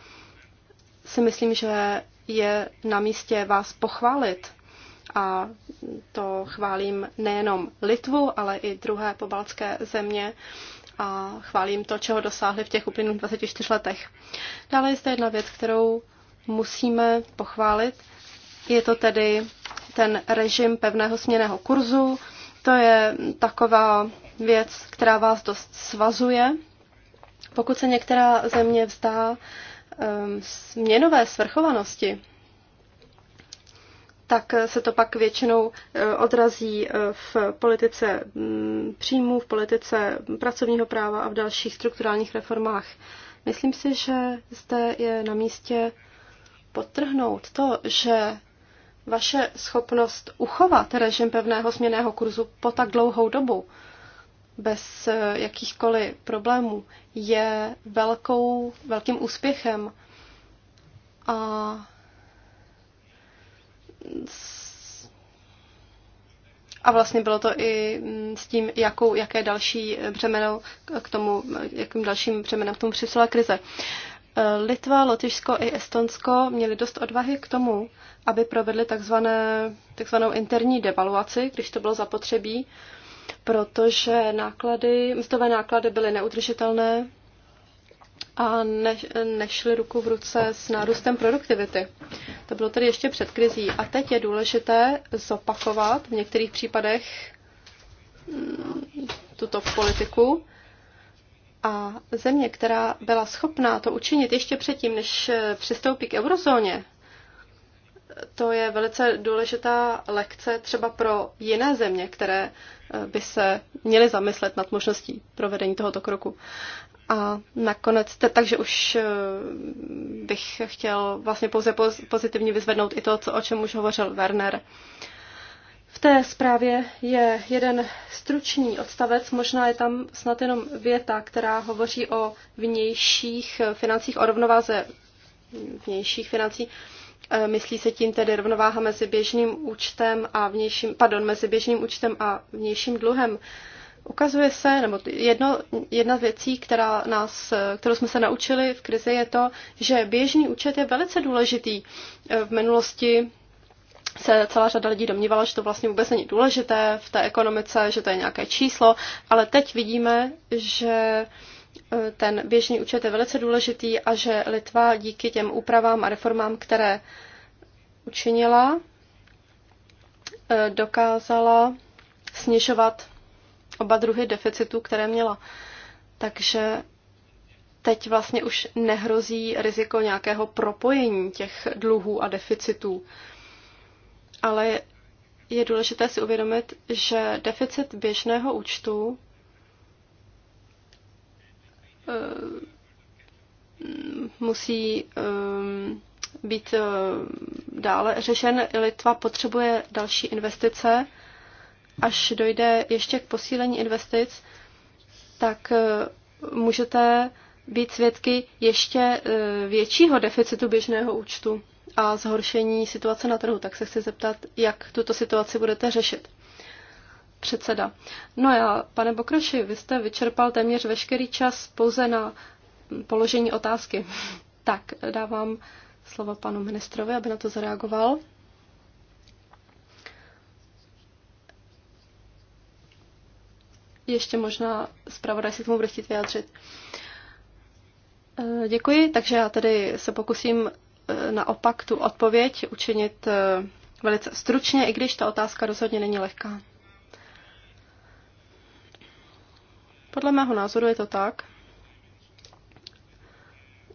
si myslím, že je na místě vás pochválit a to chválím nejenom Litvu, ale i druhé pobaltské země, a chválím to, čeho dosáhli v těch uplynulých 24 letech. Dále je zde jedna věc, kterou musíme pochválit. Je to tedy ten režim pevného směného kurzu. To je taková věc, která vás dost svazuje. Pokud se některá země vzdá um, ehm, měnové svrchovanosti, tak se to pak většinou eh, odrazí eh, v politice mm, příjmů, v politice pracovního práva a v dalších strukturálních reformách. Myslím si, že zde je na místě podtrhnout to, že vaše schopnost uchovat režim pevného směného kurzu po tak dlouhou dobu bez eh, jakýchkoliv problémů je velkou, velkým úspěchem. A a vlastně bylo to i mm, s tím, jakou, jaké další břemeno k tomu, jakým dalším břemenem k tomu přisla krize. Eh, Litva, Lotyšsko i Estonsko měli dost odvahy k tomu, aby provedli takzvané, takzvanou interní devaluaci, když to bylo zapotřebí, protože náklady, mzdové náklady byly neudržitelné a ne, nešly ruku v ruce s nárůstem produktivity. To bylo tedy ještě před krizí. A teď je důležité zopakovat v některých případech mm, tuto politiku. A země, která byla schopná to učinit ještě předtím, než eh, přistoupí k eurozóně, to je velice důležitá lekce třeba pro jiné země, které eh, by se měly zamyslet nad možností provedení tohoto kroku. A nakonec, takže už eh, bych chtěl vlastně pouze pozitivně vyzvednout i to, co, o čem už hovořil Werner. V té zprávě je jeden stručný odstavec, možná je tam snad jenom věta, která hovoří o vnějších eh, financích, o rovnováze vnějších financí. Eh, myslí se tím tedy rovnováha mezi běžným účtem a vnějším, pardon, mezi běžným účtem a vnějším dluhem. Uh, Ukazuje se, nebo jedno, jedna z věcí, která nás, kterou jsme se naučili v krizi, je to, že běžný účet je velice důležitý. V minulosti se celá řada lidí domnívala, že to vlastně vůbec není důležité v té ekonomice, že to je nějaké číslo, ale teď vidíme, že eh, ten běžný účet je velice důležitý a že Litva díky těm úpravám a reformám, které učinila, eh, dokázala snižovat oba druhy deficitů, které měla. Takže teď vlastně už nehrozí riziko nějakého propojení těch dluhů a deficitů. Ale je důležité si uvědomit, že deficit běžného účtu eh, musí eh, být eh, dále řešen. Litva potřebuje další investice až dojde ještě k posílení investic, tak e, můžete být svědky ještě e, většího deficitu běžného účtu a zhoršení situace na trhu. Tak se chci zeptat, jak tuto situaci budete řešit. Předseda. No já, pane Bokroši, vy jste vyčerpal téměř veškerý čas pouze na položení otázky. Tak, dávám slovo panu ministrovi, aby na to zareagoval. ještě možná zpravodaj se k tomu bude chtít vyjádřit. Eh, děkuji, takže já tedy se pokusím eh, naopak tu odpověď učinit eh, velice stručně, i když ta otázka rozhodně není lehká. Podle mého názoru je to tak,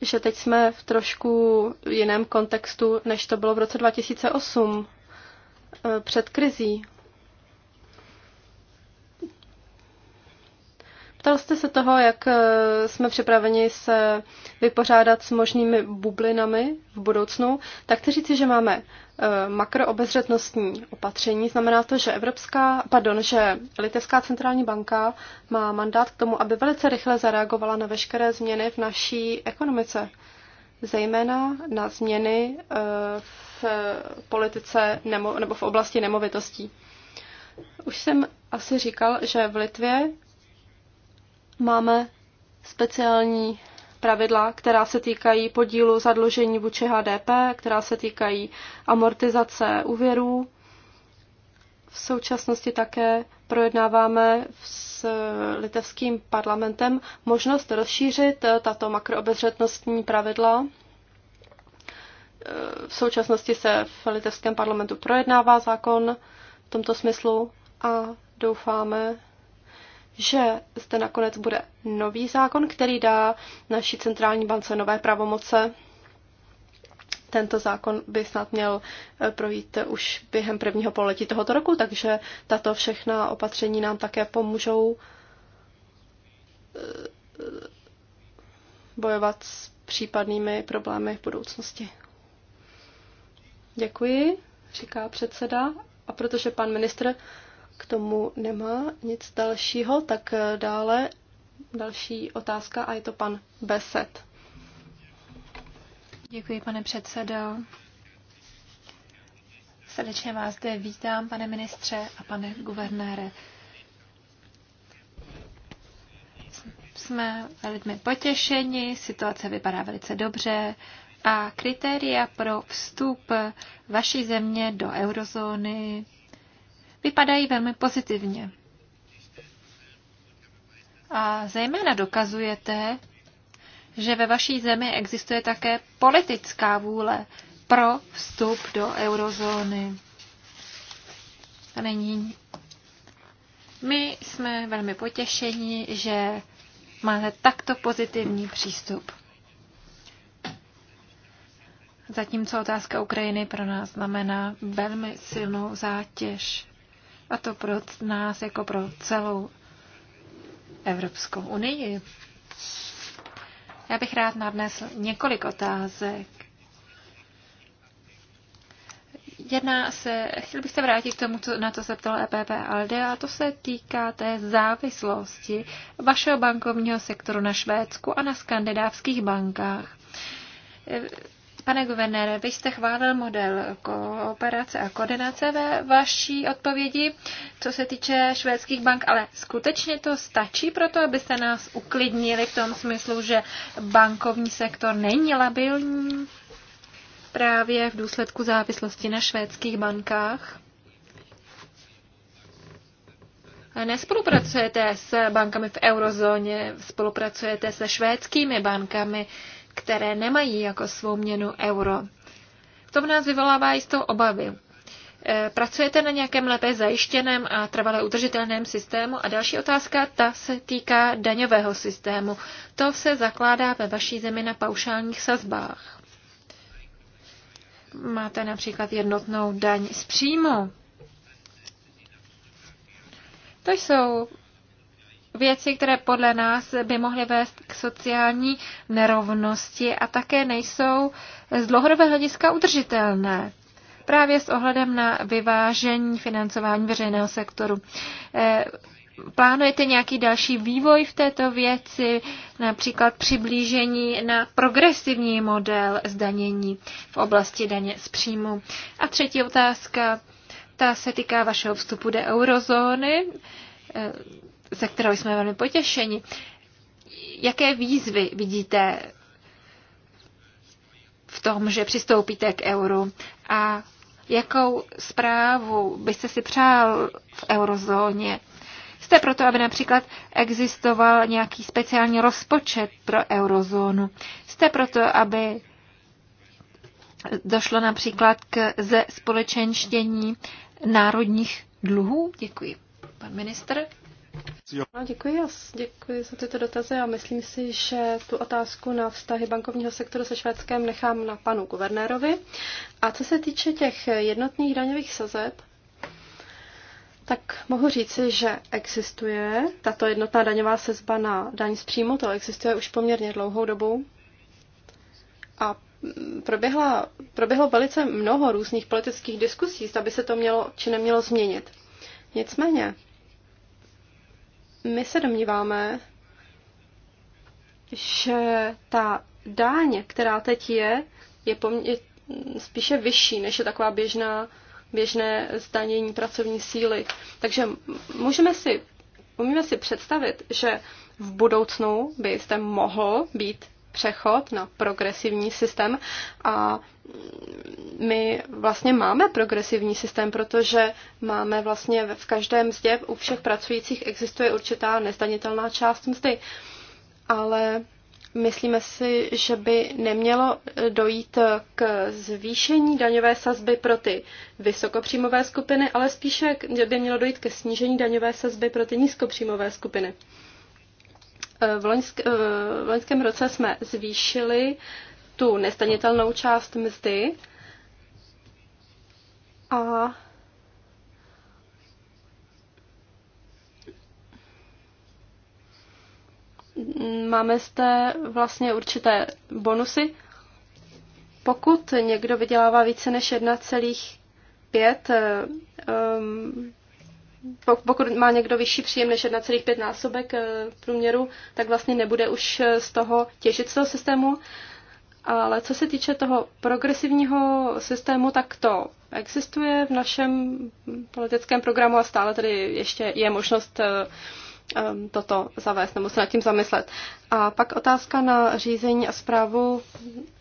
že teď jsme v trošku jiném kontextu, než to bylo v roce 2008 před krizí. Ptal jste se toho, jak eh, jsme připraveni se vypořádat s možnými bublinami v budoucnu. Tak chci říci, že máme eh, makroobezřetnostní opatření. Znamená to, že Evropská, pardon, že Litevská centrální banka má mandát k tomu, aby velice rychle zareagovala na veškeré změny v naší ekonomice. Zejména na změny eh, v politice nebo v oblasti nemovitostí. Už jsem asi říkal, že v Litvě Máme speciální pravidla, která se týkají podílu zadlužení vůči HDP, která se týkají amortizace úvěrů. V současnosti také projednáváme s litevským parlamentem možnost rozšířit tato makroobezřetnostní pravidla. V současnosti se v litevském parlamentu projednává zákon v tomto smyslu a doufáme, že zde nakonec bude nový zákon, který dá naší centrální bance nové pravomoce. Tento zákon by snad měl eh, projít už během prvního poletí tohoto roku, takže tato všechna opatření nám také pomůžou eh, bojovat s případnými problémy v budoucnosti. Děkuji, říká předseda. A protože pan ministr k tomu nemá nic dalšího, tak dále další otázka a je to pan Beset. Děkuji, pane předsedo. Srdečně vás zde vítám, pane ministře a pane guvernére. Jsme lidmi potěšeni, situace vypadá velice dobře a kritéria pro vstup vaší země do eurozóny vypadají velmi pozitivně. A zejména dokazujete, že ve vaší zemi existuje také politická vůle pro vstup do eurozóny. A není. My jsme velmi potěšeni, že máte takto pozitivní přístup. Zatímco otázka Ukrajiny pro nás znamená velmi silnou zátěž. A to pro nás jako pro celou Evropskou unii. Já bych rád nadnesl několik otázek. Jedná se, chtěl bych se vrátit k tomu, co, na co se ptal EPP ALDE, a to se týká té závislosti vašeho bankovního sektoru na Švédsku a na skandinávských bankách. Pane guvernére, vy jste chválil model kooperace a koordinace ve vaší odpovědi, co se týče švédských bank, ale skutečně to stačí pro to, abyste nás uklidnili v tom smyslu, že bankovní sektor není labilní právě v důsledku závislosti na švédských bankách? Nespolupracujete s bankami v eurozóně, spolupracujete se švédskými bankami které nemají jako svou měnu euro. To v nás vyvolává jistou obavy. E, pracujete na nějakém lépe zajištěném a trvale udržitelném systému? A další otázka, ta se týká daňového systému. To se zakládá ve vaší zemi na paušálních sazbách. Máte například jednotnou daň z příjmu. To jsou věci, které podle nás by mohly vést k sociální nerovnosti a také nejsou z dlouhodobého hlediska udržitelné právě s ohledem na vyvážení financování veřejného sektoru. Eh, plánujete nějaký další vývoj v této věci, například přiblížení na progresivní model zdanění v oblasti daně z příjmu? A třetí otázka, ta se týká vašeho vstupu do eurozóny. Eh, ze kterou jsme velmi potěšeni. Jaké výzvy vidíte v tom, že přistoupíte k euru a jakou zprávu byste si přál v eurozóně? Jste proto, aby například existoval nějaký speciální rozpočet pro eurozónu? Jste proto, aby došlo například k ze společenštění národních dluhů? Děkuji. Pan minister? No, děkuji, děkuji za tyto dotazy a myslím si, že tu otázku na vztahy bankovního sektoru se Švédskem nechám na panu guvernérovi. A co se týče těch jednotných daňových sazeb, tak mohu říci, že existuje tato jednotná daňová sazba na daň z příjmu, to existuje už poměrně dlouhou dobu. A mm, proběhla, proběhlo velice mnoho různých politických diskusí, zda by se to mělo či nemělo změnit. Nicméně, my se domníváme, že ta dáň, která teď je, je, spíše vyšší, než je taková běžná, běžné zdanění pracovní síly. Takže můžeme si, umíme si představit, že v budoucnu by mohl být přechod na progresivní systém a my vlastně máme progresivní systém, protože máme vlastně v každém mzdě u všech pracujících existuje určitá nezdanitelná část mzdy. Ale myslíme si, že by nemělo dojít k zvýšení daňové sazby pro ty vysokopříjmové skupiny, ale spíše že by mělo dojít ke snížení daňové sazby pro ty nízkopříjmové skupiny. Eh, v, loňsk, eh, v loňském roce jsme zvýšili tu nestanitelnou část mzdy a máme zde vlastně určité bonusy. Pokud někdo vydělává více než 1,5 pokud má někdo vyšší příjem než 1,5 násobek eh, průměru, tak vlastně nebude už eh, z toho těžit z toho systému. Ale co se týče toho progresivního systému, tak to existuje v našem politickém programu a stále tedy ještě je možnost eh, toto zavést nebo se nad tím zamyslet. A pak otázka na řízení a zprávu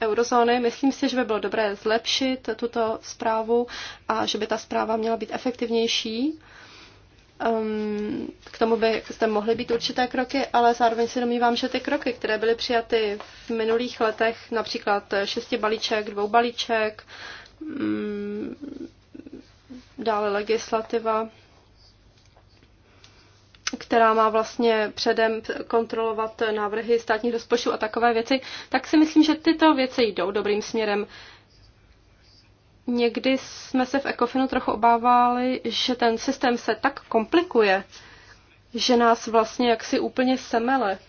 eurozóny. Myslím si, že by bylo dobré zlepšit tuto zprávu a že by ta zpráva měla být efektivnější. Um, k tomu by jste mohly být určité kroky, ale zároveň si domnívám, že ty kroky, které byly přijaty v minulých letech, například šesti balíček, dvou balíček, um, dále legislativa, která má vlastně předem kontrolovat návrhy státních rozpočtů a takové věci, tak si myslím, že tyto věci jdou dobrým směrem. Někdy jsme se v Ekofinu trochu obávali, že ten systém se tak komplikuje, že nás vlastně jaksi úplně semele.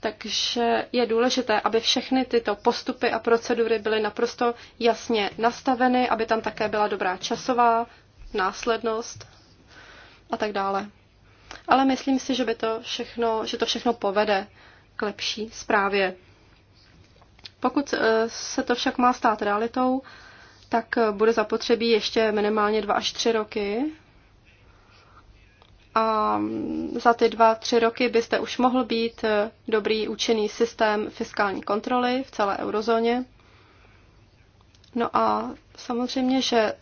Takže je důležité, aby všechny tyto postupy a procedury byly naprosto jasně nastaveny, aby tam také byla dobrá časová následnost a tak dále. Ale myslím si, že by to všechno, že to všechno povede k lepší zprávě. Pokud eh, se to však má stát realitou, tak eh, bude zapotřebí ještě minimálně dva až tři roky. A mm, za ty dva, tři roky byste už mohl být eh, dobrý účinný systém fiskální kontroly v celé eurozóně. No a samozřejmě, že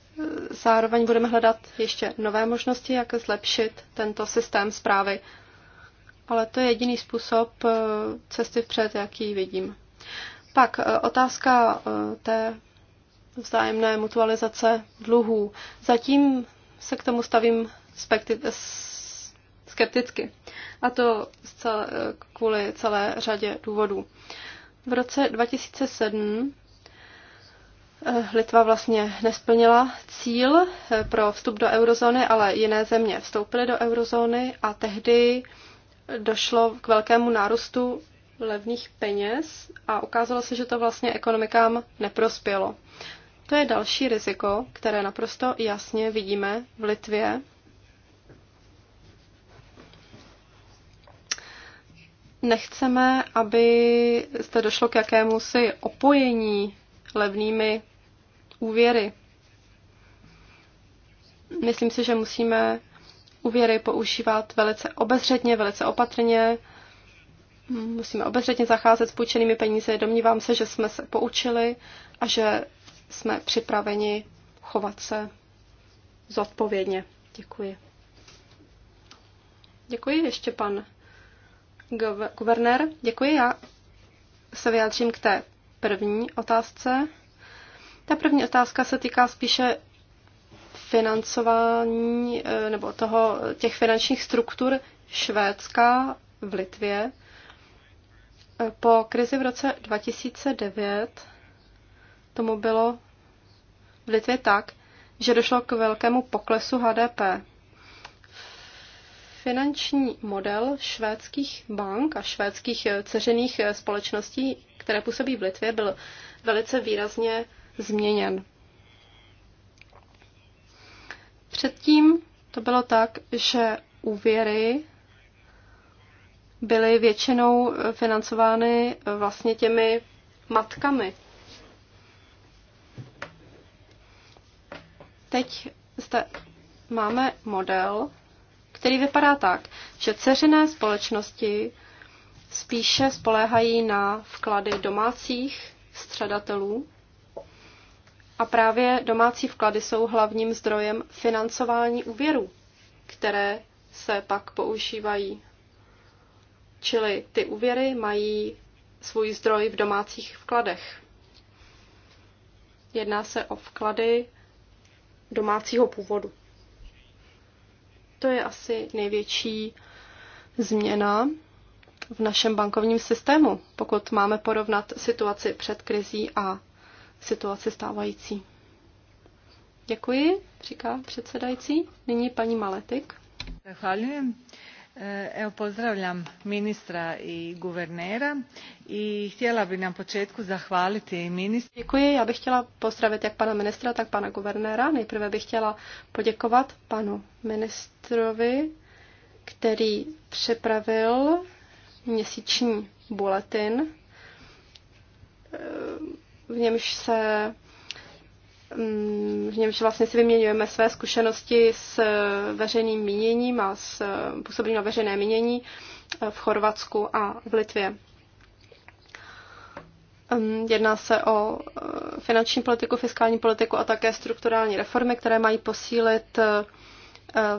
zároveň budeme hledat ještě nové možnosti, jak zlepšit tento systém zprávy. Ale to je jediný způsob cesty vpřed, jaký vidím. Pak e, otázka e, té vzájemné mutualizace dluhů. Zatím se k tomu stavím skepticky. A to e, kvůli celé řadě důvodů. V roce 2007 Litva vlastně nesplnila cíl pro vstup do eurozóny, ale jiné země vstoupily do eurozóny a tehdy došlo k velkému nárůstu levných peněz a ukázalo se, že to vlastně ekonomikám neprospělo. To je další riziko, které naprosto jasně vidíme v Litvě. Nechceme, aby zde došlo k jakému si opojení levnými úvěry. Myslím si, že musíme úvěry používat velice obezřetně, velice opatrně, Musíme obezřetně zacházet s půjčenými peníze. Domnívám se, že jsme se poučili a že jsme připraveni chovat se zodpovědně. Děkuji. Děkuji ještě pan guvernér. Děkuji. Já se vyjádřím k té první otázce. Ta první otázka se týká spíše financování eh, nebo toho, těch finančních struktur Švédska v Litvě. Po krizi v roce 2009 tomu bylo v Litvě tak, že došlo k velkému poklesu HDP. Finanční model švédských bank a švédských eh, ceřených eh, společností, které působí v Litvě, byl velice výrazně změněn. Předtím to bylo tak, že úvěry byly většinou financovány vlastně těmi matkami. Teď zde máme model, který vypadá tak, že ceřené společnosti spíše spoléhají na vklady domácích středatelů a právě domácí vklady jsou hlavním zdrojem financování úvěrů, které se pak používají Čili ty úvěry mají svůj zdroj v domácích vkladech. Jedná se o vklady domácího původu. To je asi největší změna v našem bankovním systému, pokud máme porovnat situaci před krizí a situaci stávající. Děkuji, říká předsedající. Nyní paní Maletik. Zahvaljujem. Eh, evo pozdravljam ministra i guvernera i chtěla bych na počátku zachválit ministra. Děkuji, já bych chtěla pozdravit jak pana ministra, tak pana guvernéra. Nejprve bych chtěla poděkovat panu ministrovi, který připravil měsíční bulletin, eh, v němž se Mm, v němž vlastně si vyměňujeme své zkušenosti s eh, veřejným míněním a s eh, působením na veřejné mínění eh, v Chorvatsku a v Litvě. Mm, jedná se o finanční politiku, fiskální politiku a také strukturální reformy, které mají posílit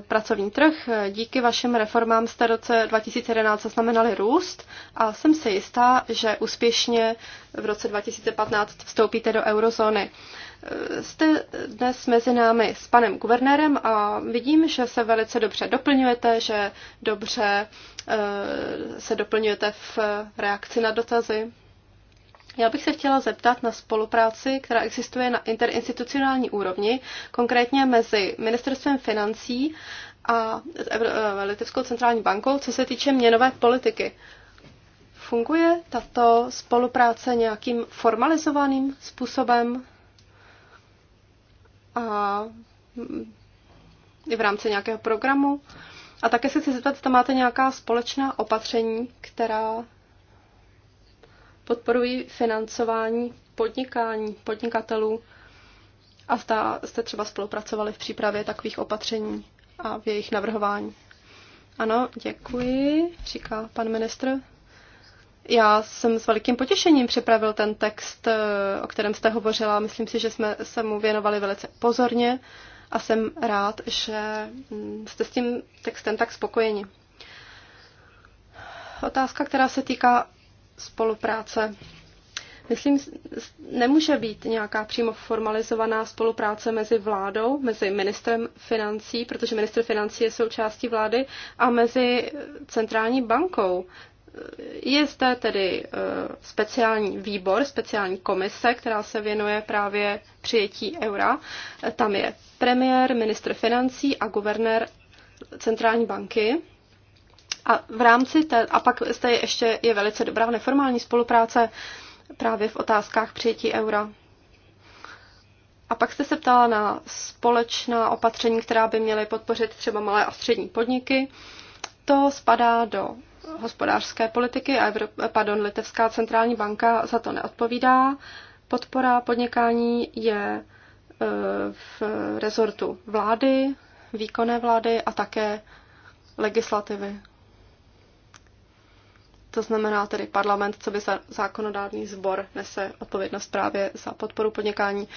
pracovní trh. Díky vašim reformám jste roce 2011 zaznamenali růst a jsem si jistá, že úspěšně v roce 2015 vstoupíte do eurozóny. Jste dnes mezi námi s panem guvernérem a vidím, že se velice dobře doplňujete, že dobře eh, se doplňujete v reakci na dotazy. Já bych se chtěla zeptat na spolupráci, která existuje na interinstitucionální úrovni, konkrétně mezi Ministerstvem financí a eh, Litevskou centrální bankou, co se týče měnové politiky. Funguje tato spolupráce nějakým formalizovaným způsobem? a mm, v rámci nějakého programu. A také se chci zeptat, zda máte nějaká společná opatření, která podporují financování podnikání podnikatelů a zda jste třeba spolupracovali v přípravě takových opatření a v jejich navrhování. Ano, děkuji, říká pan ministr. Já jsem s velikým potěšením připravil ten text, eh, o kterém jste hovořila. Myslím si, že jsme se mu věnovali velice pozorně a jsem rád, že mm, jste s tím textem tak spokojeni. Otázka, která se týká spolupráce. Myslím, nemůže být nějaká přímo formalizovaná spolupráce mezi vládou, mezi ministrem financí, protože minister financí je součástí vlády, a mezi centrální bankou. Je zde tedy e, speciální výbor, speciální komise, která se věnuje právě přijetí eura. Tam je premiér, ministr financí a guvernér centrální banky. A v rámci té, a pak zde ještě je velice dobrá neformální spolupráce právě v otázkách přijetí eura. A pak jste se ptala na společná opatření, která by měly podpořit třeba malé a střední podniky. To spadá do hospodářské politiky a Evrop- pardon, Litevská centrální banka za to neodpovídá. Podpora podnikání je e, v rezortu vlády, výkonné vlády a také legislativy. To znamená tedy parlament, co by za zákonodárný sbor nese odpovědnost právě za podporu podnikání.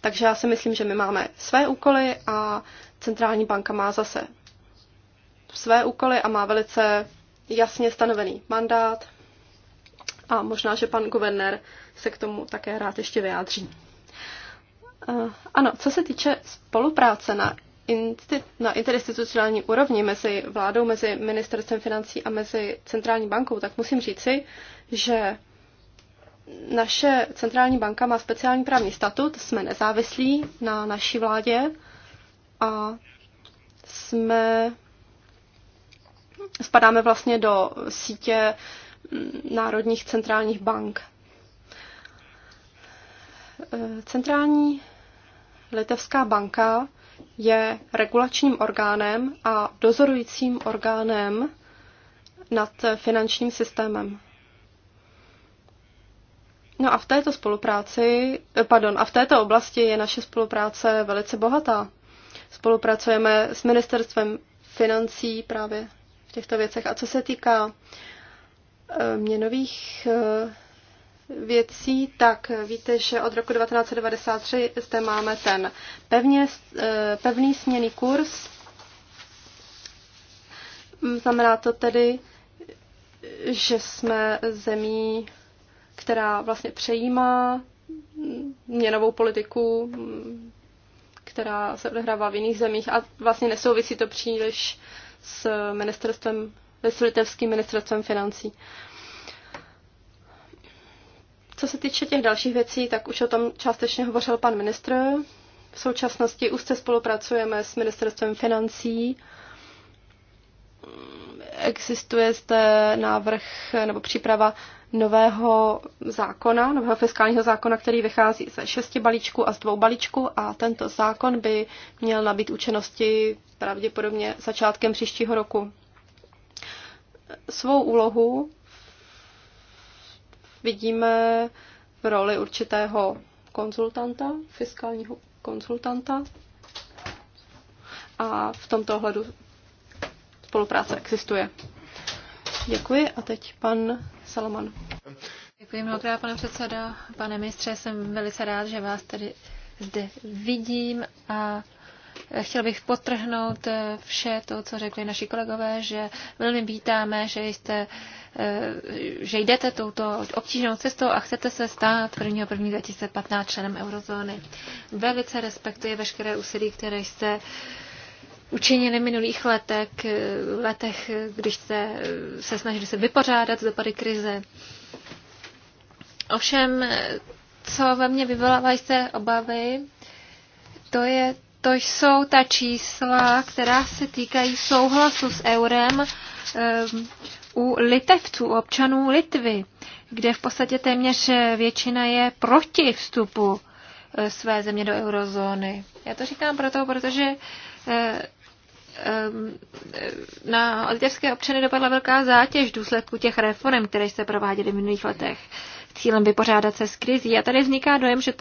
Takže já si myslím, že my máme své úkoly a centrální banka má zase své úkoly a má velice jasně stanovený mandát a možná, že pan guvernér se k tomu také rád ještě vyjádří. Eh, ano, co se týče spolupráce na, inti, na interinstitucionální úrovni mezi vládou, mezi ministerstvem financí a mezi centrální bankou, tak musím říci, že naše centrální banka má speciální právní statut, jsme nezávislí na naší vládě a jsme spadáme vlastně do sítě mm, národních centrálních bank. E, centrální litevská banka je regulačním orgánem a dozorujícím orgánem nad finančním systémem. No a v této spolupráci, e, pardon, a v této oblasti je naše spolupráce velice bohatá. Spolupracujeme s ministerstvem financí právě těchto věcech. A co se týká eh, měnových eh, věcí, tak víte, že od roku 1993 zde máme ten pevně, eh, pevný směný kurz. Mm, znamená to tedy, že jsme zemí, která vlastně přejímá měnovou politiku, mm, která se odehrává v jiných zemích a vlastně nesouvisí to příliš s ministerstvem, s litevským ministerstvem financí. Co se týče těch dalších věcí, tak už o tom částečně hovořil pan ministr. V současnosti úzce spolupracujeme s ministerstvem financí existuje zde návrh nebo příprava nového zákona, nového fiskálního zákona, který vychází ze šesti balíčků a z dvou balíčků a tento zákon by měl nabít účinnosti pravděpodobně začátkem příštího roku. Svou úlohu vidíme v roli určitého konzultanta, fiskálního konzultanta. A v tomto ohledu spolupráce existuje. Děkuji a teď pan Salaman. Děkuji mnohokrát, pane předsedo. Pane ministře. jsem velice rád, že vás tady zde vidím a Chtěl bych potrhnout eh, vše to, co řekli naši kolegové, že velmi vítáme, že jste eh, že jdete touto obtížnou cestou a chcete se stát 1.1.2015 2015 členem eurozóny. Velice respektuji veškeré úsilí, které jste učinili minulých letech, letech když se, se snažili se vypořádat z dopady krize. Ovšem, co ve mně vyvolávají se obavy, to, je, to jsou ta čísla, která se týkají souhlasu s eurem um, u litevců, občanů Litvy, kde v podstatě téměř většina je proti vstupu eh, své země do eurozóny. Já to říkám proto, protože uh, Eh, eh, na litevské občany dopadla velká zátěž v důsledku těch reform, které se prováděly v minulých letech s cílem vypořádat se s krizí. A tady vzniká dojem, že,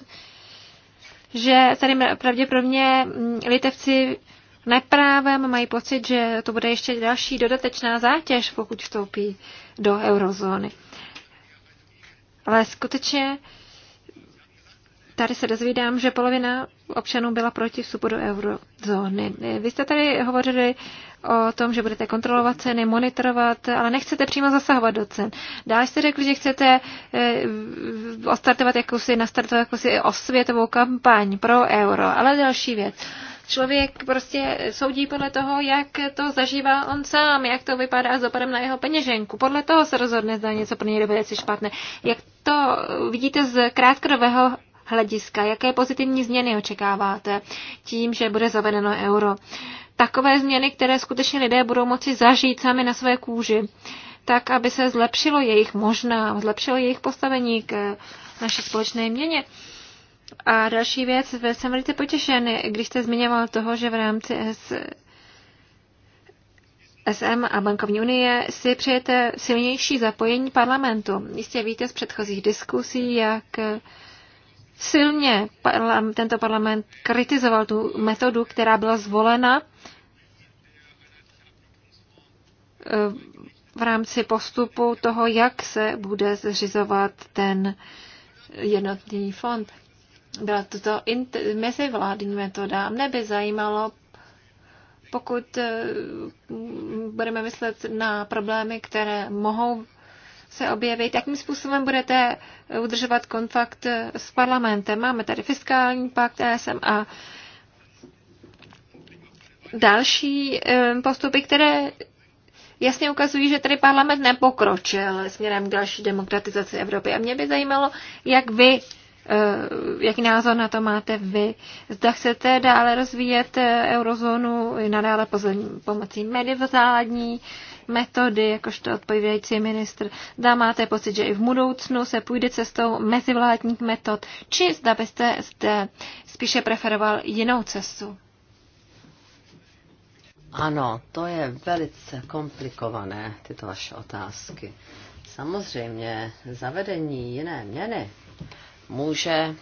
že tady pravděpodobně mm, litevci neprávem mají pocit, že to bude ještě další dodatečná zátěž, pokud vstoupí do eurozóny. Ale skutečně tady se dozvídám, že polovina občanů byla proti vstupu do eurozóny. Vy jste tady hovořili o tom, že budete kontrolovat ceny, monitorovat, ale nechcete přímo zasahovat do cen. Dále jste řekli, že chcete eh, ostartovat jakousi, nastartovat jakousi osvětovou kampaň pro euro, ale další věc člověk prostě soudí podle toho, jak to zažívá on sám, jak to vypadá s dopadem na jeho peněženku. Podle toho se rozhodne, zda něco pro něj dobré, špatné. Jak to vidíte z krátkodobého hlediska? Jaké pozitivní změny očekáváte tím, že bude zavedeno euro? Takové změny, které skutečně lidé budou moci zažít sami na své kůži, tak aby se zlepšilo jejich možná, zlepšilo jejich postavení k naší společné měně. A další věc, jsem velice potěšen, když jste zmiňoval toho, že v rámci S, SM a bankovní unie si přejete silnější zapojení parlamentu. Jistě víte z předchozích diskusí, jak silně parlament, tento parlament kritizoval tu metodu, která byla zvolena eh, v rámci postupu toho, jak se bude zřizovat ten jednotný fond. Byla toto mezivládní metoda. Mne by zajímalo, pokud eh, budeme myslet na problémy, které mohou se objevit, jakým způsobem budete udržovat kontakt s parlamentem. Máme tady fiskální pakt, ESM a další postupy, které jasně ukazují, že tady parlament nepokročil směrem k další demokratizaci Evropy. A mě by zajímalo, jak vy, eh, jaký názor na to máte vy. Zda chcete dále rozvíjet eh, eurozónu i nadále pomocí mediovzáládní metody, jakožto odpovídající ministr. Zda máte pocit, že i v budoucnu se půjde cestou mezivládních metod, či zda byste zde spíše preferoval jinou cestu? Ano, to je velice komplikované, tyto vaše otázky. Samozřejmě zavedení jiné měny může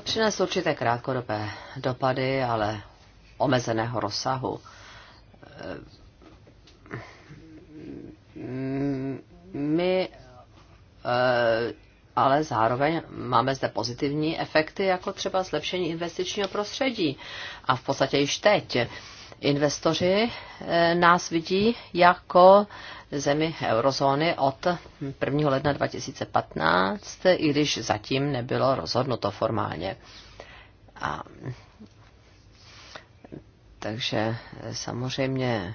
přinést určité krátkodobé dopady, ale omezeného rozsahu. Mm, my eh, ale zároveň máme zde pozitivní efekty, jako třeba zlepšení investičního prostředí. A v podstatě již teď investoři eh, nás vidí jako zemi eurozóny od 1. ledna 2015, i když zatím nebylo rozhodnuto formálně. A, takže samozřejmě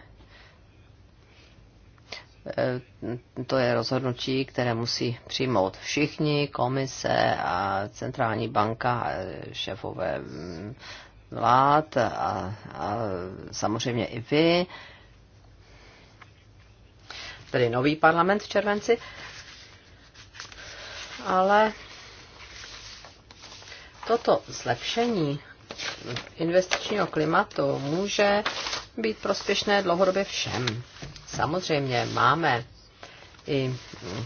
Eh, to je rozhodnutí, které musí přijmout všichni, komise a centrální banka, šéfové mm, vlád a, a samozřejmě i vy, tedy nový parlament v červenci. Ale toto zlepšení investičního klimatu může být prospěšné dlouhodobě všem. Samozřejmě máme i mm,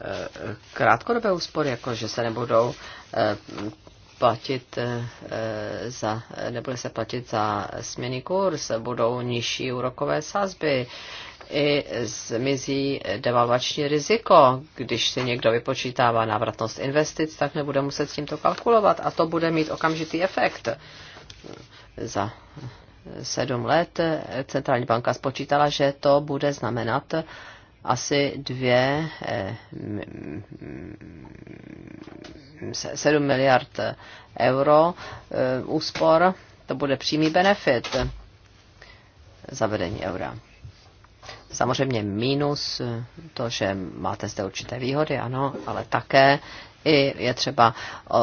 eh, krátkodobé úspory, jako že se nebudou eh, platit eh, za, nebude se platit za směný kurz, budou nižší úrokové sazby, i zmizí devalvační riziko. Když si někdo vypočítává návratnost investic, tak nebude muset s tímto kalkulovat a to bude mít okamžitý efekt za sedm let centrální banka spočítala, že to bude znamenat asi dvě, eh, sedm miliard euro eh, úspor. To bude přímý benefit zavedení eura. Samozřejmě minus to, že máte zde určité výhody, ano, ale také i je třeba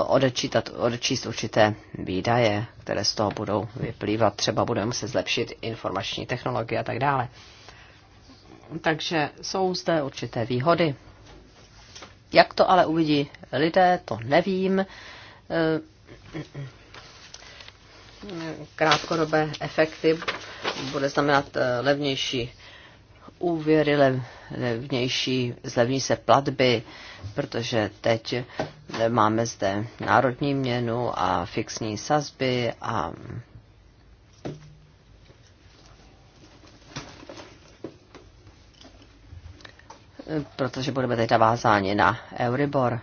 odečítat, odečíst určité výdaje, které z toho budou vyplývat. Třeba budeme muset zlepšit informační technologie a tak dále. Takže jsou zde určité výhody. Jak to ale uvidí lidé, to nevím. E, krátkodobé efekty bude znamenat e, levnější úvěry levnější, zlevní se platby, protože teď máme zde národní měnu a fixní sazby a protože budeme teď navázáni na Euribor.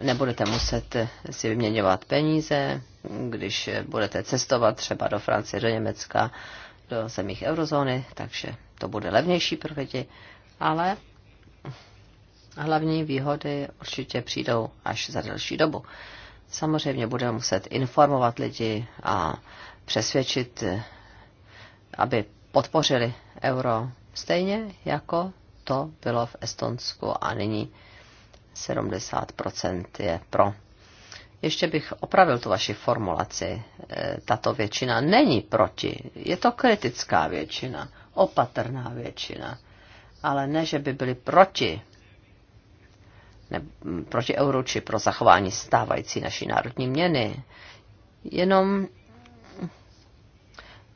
Nebudete muset si vyměňovat peníze, když budete cestovat třeba do Francie, do Německa, do zemích eurozóny, takže to bude levnější pro lidi, ale hlavní výhody určitě přijdou až za delší dobu. Samozřejmě budeme muset informovat lidi a přesvědčit, aby podpořili euro stejně jako to bylo v Estonsku a nyní 70% je pro. Ještě bych opravil tu vaši formulaci. E, tato většina není proti, je to kritická většina opatrná většina, ale ne, že by byli proti, ne, proti euro či pro zachování stávající naší národní měny, jenom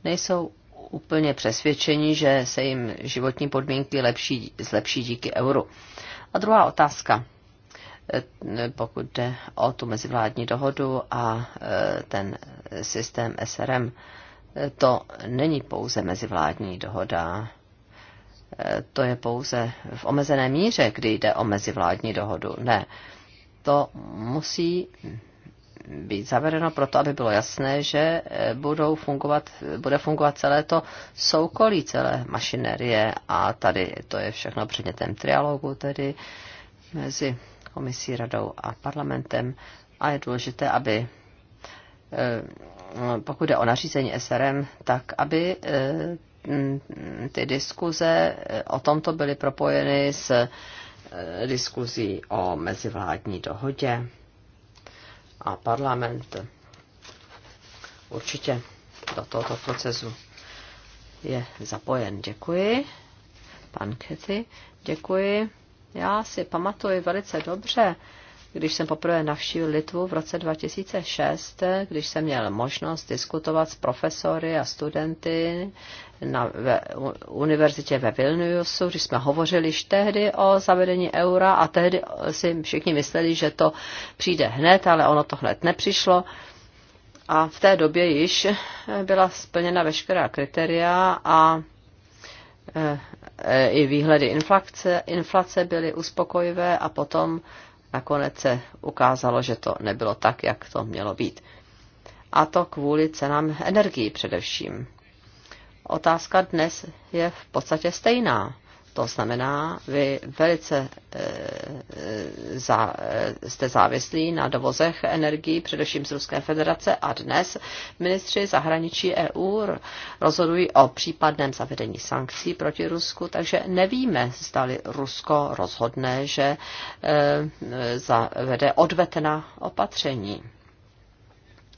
nejsou úplně přesvědčeni, že se jim životní podmínky lepší, zlepší díky euru. A druhá otázka, eh, pokud jde o tu mezivládní dohodu a eh, ten systém SRM to není pouze mezivládní dohoda, to je pouze v omezené míře, kdy jde o mezivládní dohodu. Ne, to musí být zavedeno proto, aby bylo jasné, že eh, budou fungovat, bude fungovat celé to soukolí, celé mašinerie a tady to je všechno předmětem trialogu tedy mezi komisí, radou a parlamentem a je důležité, aby Eh, pokud jde o nařízení SRM, tak aby eh, ty diskuze eh, o tomto byly propojeny s diskuzí o mezivládní dohodě a parlament určitě do tohoto procesu je zapojen. Děkuji. Pan Kety, děkuji. Já si pamatuji velice dobře, když jsem poprvé navštívil Litvu v roce 2006, když jsem měl možnost diskutovat s profesory a studenty na ve, univerzitě ve Vilniusu, když jsme hovořili již tehdy o zavedení eura a tehdy si všichni mysleli, že to přijde hned, ale ono to hned nepřišlo. A v té době již byla splněna veškerá kritéria a eh, eh, i výhledy inflace, inflace byly uspokojivé a potom nakonec se ukázalo, že to nebylo tak, jak to mělo být. A to kvůli cenám energii především. Otázka dnes je v podstatě stejná. To znamená, vy velice e, za, e, jste závislí na dovozech energií, především z Ruské federace, a dnes ministři zahraničí EU rozhodují o případném zavedení sankcí proti Rusku, takže nevíme, zdali Rusko rozhodne, že e, zavede odvetná opatření.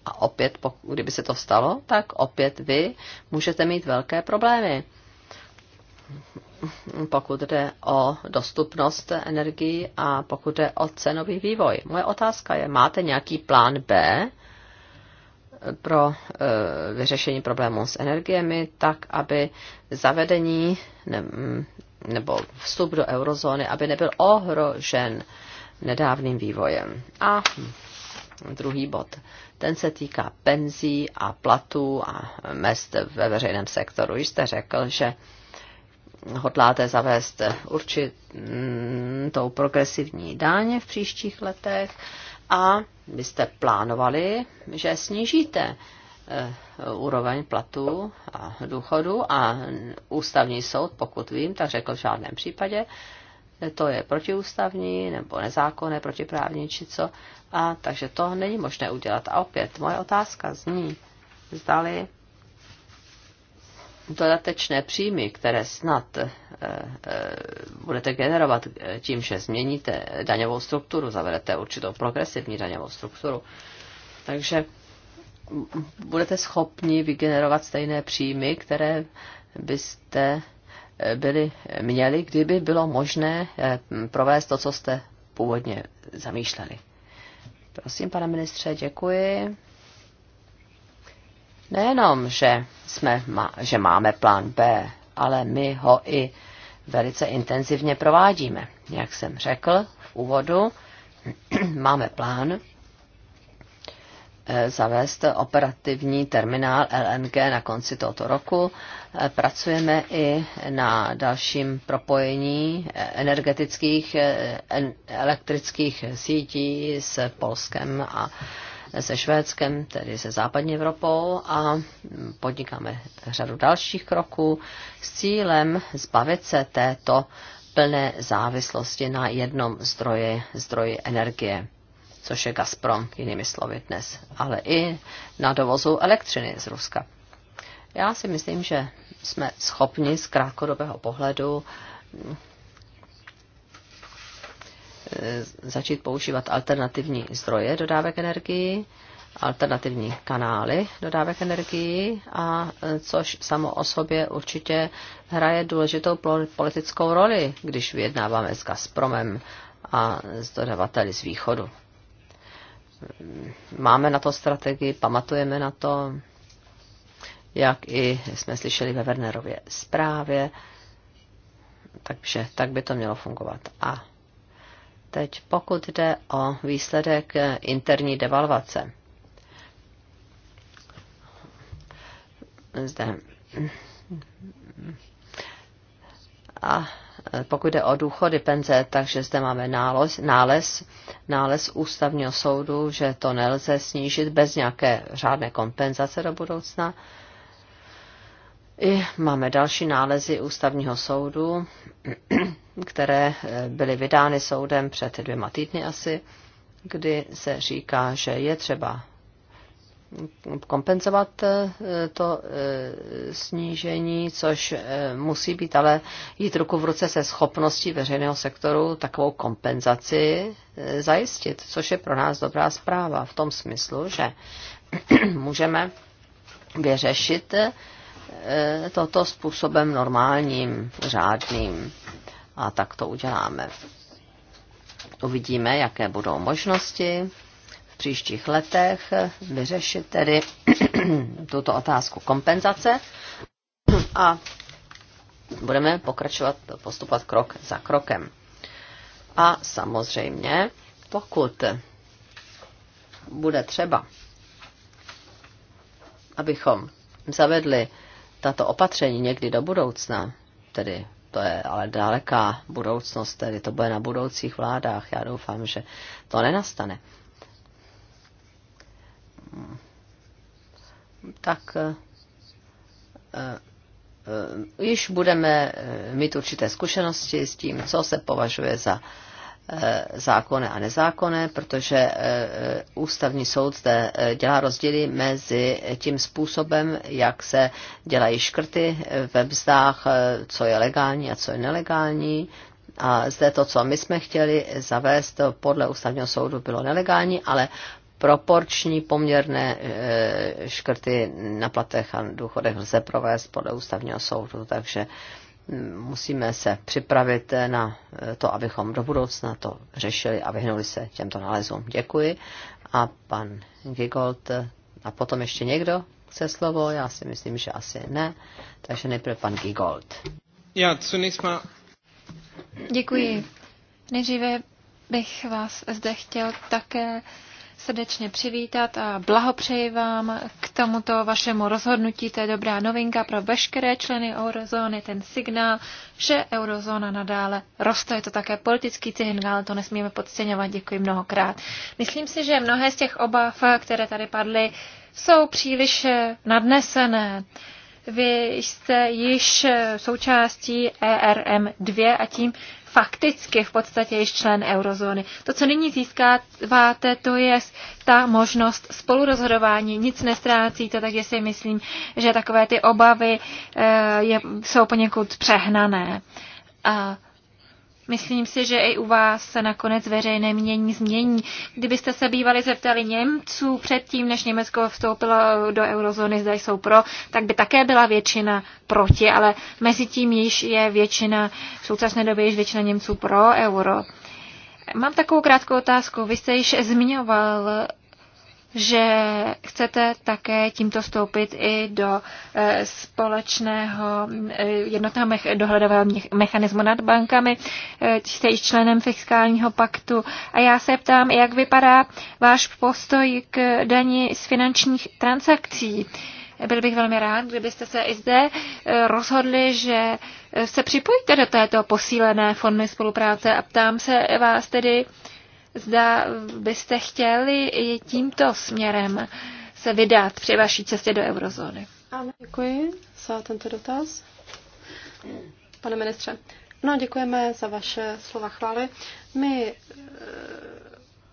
A opět, kdyby se to stalo, tak opět vy můžete mít velké problémy pokud jde o dostupnost energii a pokud jde o cenový vývoj. Moje otázka je, máte nějaký plán B pro e, vyřešení problémů s energiemi, tak aby zavedení nebo vstup do eurozóny, aby nebyl ohrožen nedávným vývojem. A druhý bod. Ten se týká penzí a platů a mest ve veřejném sektoru. jste řekl, že hodláte zavést určitou progresivní daň v příštích letech a byste plánovali, že snížíte eh, úroveň platu a důchodu a ústavní soud, pokud vím, tak řekl v žádném případě, to je protiústavní nebo nezákonné, protiprávní či co. A takže to není možné udělat. A opět moje otázka zní, zdali dodatečné příjmy, které snad eh, eh, budete generovat tím, že změníte daňovou strukturu, zavedete určitou progresivní daňovou strukturu, takže budete schopni vygenerovat stejné příjmy, které byste eh, byli, měli, kdyby bylo možné provést to, co jste původně zamýšleli. Prosím, pane ministře, děkuji nejenom, že, jsme, že máme plán B, ale my ho i velice intenzivně provádíme. Jak jsem řekl v úvodu, máme plán e, zavést operativní terminál LNG na konci tohoto roku. E, pracujeme i na dalším propojení energetických, e, elektrických sítí s Polskem a se Švédskem, tedy se západní Evropou a podnikáme řadu dalších kroků s cílem zbavit se této plné závislosti na jednom zdroji, zdroji energie což je Gazprom, jinými slovy dnes, ale i na dovozu elektřiny z Ruska. Já si myslím, že jsme schopni z krátkodobého pohledu Eh, začít používat alternativní zdroje dodávek energii, alternativní kanály dodávek energii, a eh, což samo o sobě určitě hraje důležitou politickou roli, když vyjednáváme s Gazpromem a s dodavateli z východu. Mm, máme na to strategii, pamatujeme na to, jak i jsme slyšeli ve Wernerově zprávě, takže tak by to mělo fungovat. A Teď pokud jde o výsledek interní devalvace. Zde. A pokud jde o důchody penze, takže zde máme nález, nález, nález ústavního soudu, že to nelze snížit bez nějaké řádné kompenzace do budoucna. I máme další nálezy ústavního soudu, které eh, byly vydány soudem před dvěma týdny asi, kdy se říká, že je třeba kompenzovat eh, to eh, snížení, což musí být ale jít ruku v ruce se schopností veřejného sektoru takovou kompenzaci zajistit, což je pro nás dobrá zpráva v tom smyslu, že můžeme vyřešit Eh, toto způsobem normálním, řádným. A tak to uděláme. Uvidíme, jaké budou možnosti v příštích letech vyřešit tedy tuto otázku kompenzace a budeme pokračovat, postupovat krok za krokem. A samozřejmě, pokud bude třeba, abychom zavedli tato opatření někdy do budoucna, tedy to je ale daleká budoucnost, tedy to bude na budoucích vládách, já doufám, že to nenastane. Tak eh, eh, již budeme eh, mít určité zkušenosti s tím, co se považuje za Eh, zákonné a nezákonné, protože eh, eh, ústavní soud zde dělá rozdíly mezi tím způsobem, jak se dělají škrty ve mzdách, co je legální a co je nelegální. A zde to, co my jsme chtěli zavést podle ústavního soudu, bylo nelegální, ale proporční poměrné škrty na platech a důchodech lze provést podle ústavního soudu, takže musíme se připravit na to, abychom do budoucna to řešili a vyhnuli se těmto nálezům. Děkuji. A pan Gigold, a potom ještě někdo chce slovo? Já si myslím, že asi ne. Takže nejprve pan Gigold. Já, co nejsme... Děkuji. Nejdříve bych vás zde chtěl také srdečně přivítat a blahopřeji vám k tomuto vašemu rozhodnutí. To je dobrá novinka pro veškeré členy eurozóny, ten signál, že eurozóna nadále roste. Je to také politický signál, to nesmíme podceňovat. Děkuji mnohokrát. Myslím si, že mnohé z těch obav, které tady padly, jsou příliš nadnesené. Vy jste již součástí ERM2 a tím fakticky v podstatě již člen eurozóny. To, co nyní získáváte, to je ta možnost spolurozhodování. Nic nestrácíte, takže si myslím, že takové ty obavy eh, je, jsou poněkud přehnané. A Myslím si, že i u vás se nakonec veřejné mění změní. Kdybyste se bývali zeptali Němců předtím, než Německo vstoupilo do eurozóny, zda jsou pro, tak by také byla většina proti, ale mezi tím již je většina, v současné době již většina Němců pro euro. Mám takovou krátkou otázku. Vy jste již zmiňoval že chcete také tímto vstoupit i do eh, společného eh, jednotného dohledového mechanismu nad bankami. Eh, jste i členem fiskálního paktu. A já se ptám, jak vypadá váš postoj k dani z finančních transakcí. Byl bych velmi rád, kdybyste se i zde rozhodli, že se připojíte do této posílené formy spolupráce a ptám se vás tedy, zda byste chtěli tímto směrem se vydat při vaší cestě do eurozóny. Ano, děkuji za tento dotaz. Pane ministře, no děkujeme za vaše slova chvály. My eh,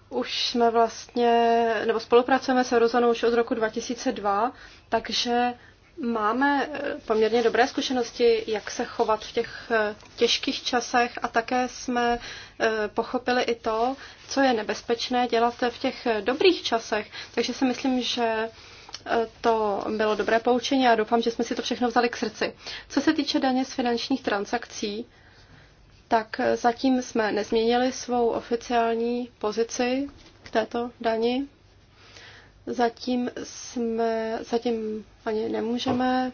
už jsme vlastně, nebo spolupracujeme s eurozónou už od roku 2002, takže Máme eh, poměrně dobré zkušenosti, jak se chovat v těch eh, těžkých časech a také jsme eh, pochopili i to, co je nebezpečné dělat v těch dobrých časech. Takže si myslím, že to bylo dobré poučení a doufám, že jsme si to všechno vzali k srdci. Co se týče daně z finančních transakcí, tak zatím jsme nezměnili svou oficiální pozici k této dani. Zatím jsme, zatím ani nemůžeme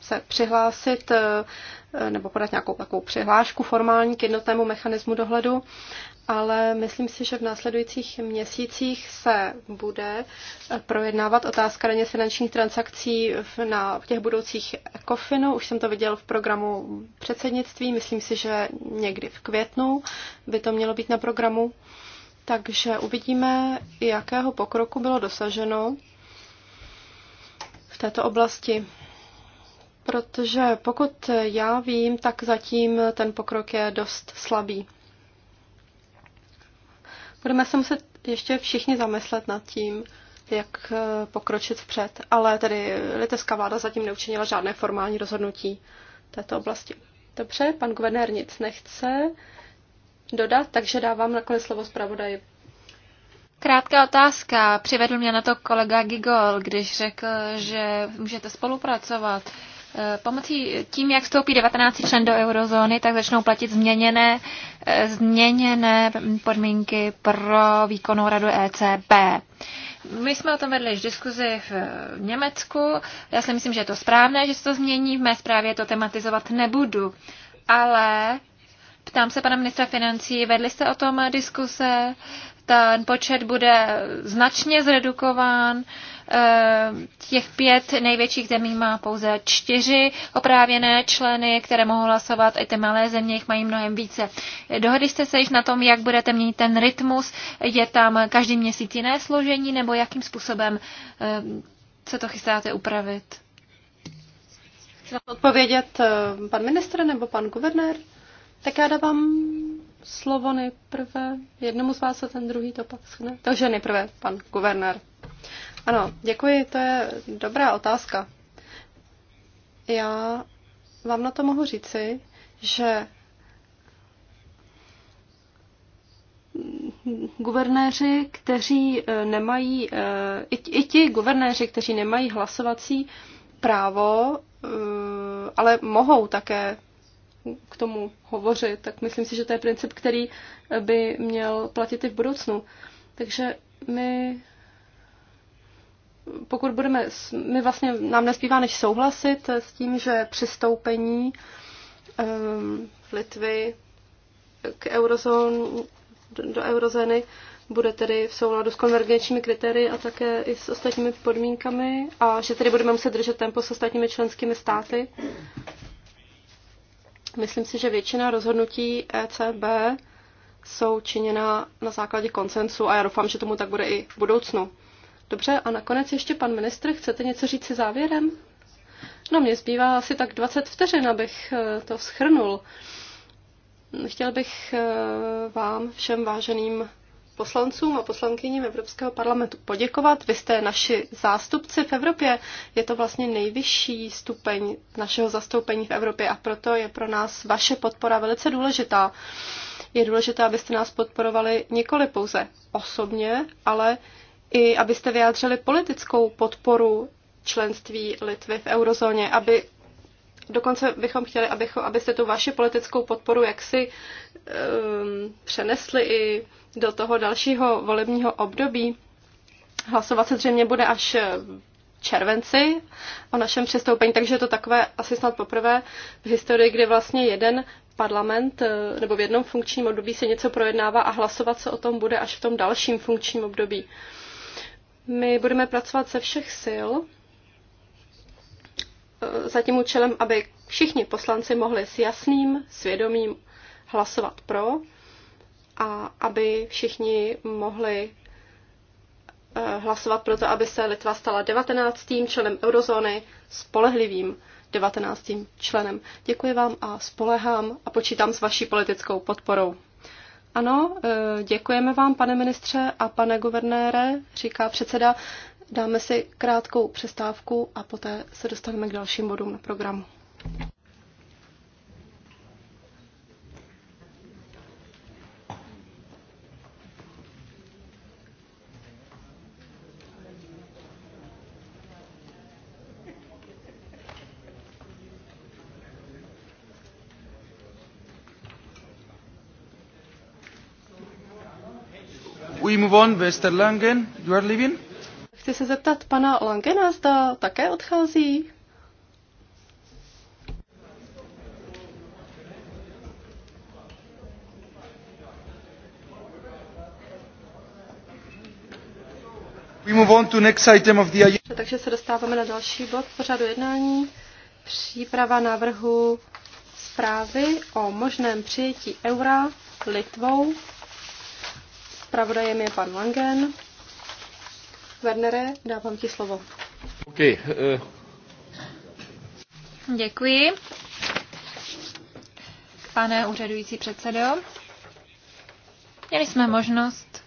se přihlásit eh, nebo podat nějakou takovou přihlášku formální k jednotnému mechanismu dohledu, ale myslím si, že v následujících měsících se bude eh, projednávat otázka daně finančních transakcí na těch budoucích ECOFINu. Už jsem to viděl v programu předsednictví, myslím si, že někdy v květnu by to mělo být na programu. Takže uvidíme, jakého pokroku bylo dosaženo v této oblasti. Protože pokud já vím, tak zatím ten pokrok je dost slabý. Budeme se muset ještě všichni zamyslet nad tím, jak eh, pokročit vpřed, ale tedy litevská vláda zatím neučinila žádné formální rozhodnutí této oblasti. Dobře, pan guvernér nic nechce dodat, takže dávám nakonec slovo zpravodaji. Krátká otázka. Přivedl mě na to kolega Gigol, když řekl, že můžete spolupracovat. Eh, pomocí tím, jak vstoupí 19 člen do eurozóny, tak začnou platit změněné, eh, změněné podmínky pro výkonnou radu ECB. My jsme o tom vedli již diskuzi v Německu. Já si myslím, že je to správné, že se to změní. V mé zprávě to tematizovat nebudu. Ale Ptám se pana ministra financí, vedli jste o tom diskuse, ten počet bude značně zredukován, eh, těch pět největších zemí má pouze čtyři oprávěné členy, které mohou hlasovat, i ty malé země jich mají mnohem více. Dohodli jste se již na tom, jak budete měnit ten rytmus, je tam každý měsíc jiné složení, nebo jakým způsobem eh, se to chystáte upravit? Chce odpovědět eh, pan ministr nebo pan guvernér? Tak já dávám slovo nejprve jednomu z vás a ten druhý to pak schne. Takže nejprve pan guvernér. Ano, děkuji, to je dobrá otázka. Já vám na to mohu říci, že guvernéři, kteří eh, nemají, eh, i, i ti guvernéři, kteří nemají hlasovací právo, eh, ale mohou také k tomu hovořit, tak myslím si, že to je princip, který by měl platit i v budoucnu. Takže my pokud budeme, my vlastně nám nespívá než souhlasit s tím, že přistoupení um, Litvy k eurozón, do, do eurozóny bude tedy v souladu s konvergenčními kritérii a také i s ostatními podmínkami a že tedy budeme muset držet tempo s ostatními členskými státy. Myslím si, že většina rozhodnutí ECB jsou činěna na základě koncensu a já doufám, že tomu tak bude i v budoucnu. Dobře, a nakonec ještě pan ministr, chcete něco říct si závěrem? No, mě zbývá asi tak 20 vteřin, abych eh, to schrnul. Chtěl bych eh, vám všem váženým poslancům a poslankyním Evropského parlamentu poděkovat. Vy jste naši zástupci v Evropě. Je to vlastně nejvyšší stupeň našeho zastoupení v Evropě a proto je pro nás vaše podpora velice důležitá. Je důležité, abyste nás podporovali nikoli pouze osobně, ale i abyste vyjádřili politickou podporu členství Litvy v eurozóně, aby dokonce bychom chtěli, abychom, abyste tu vaši politickou podporu jaksi Ehm, přenesli i do toho dalšího volebního období. Hlasovat se zřejmě bude až v červenci o našem přistoupení, takže je to takové asi snad poprvé v historii, kdy vlastně jeden parlament eh, nebo v jednom funkčním období se něco projednává a hlasovat se o tom bude až v tom dalším funkčním období. My budeme pracovat ze všech sil eh, za tím účelem, aby všichni poslanci mohli s jasným svědomím hlasovat pro a aby všichni mohli eh, hlasovat pro to, aby se Litva stala 19. členem eurozóny, spolehlivým 19. členem. Děkuji vám a spolehám a počítám s vaší politickou podporou. Ano, eh, děkujeme vám, pane ministře a pane guvernére, říká předseda. Dáme si krátkou přestávku a poté se dostaneme k dalším bodům na programu. Langen, Chci se zeptat pana Langena, zda také odchází. We move on to next item of the... Takže se dostáváme na další bod pořadu jednání. Příprava návrhu zprávy o možném přijetí eura Litvou zpravodajem je pan Langen. Wernere, dávám ti slovo. Okay, uh... Děkuji. Pane úřadující předsedo, měli jsme možnost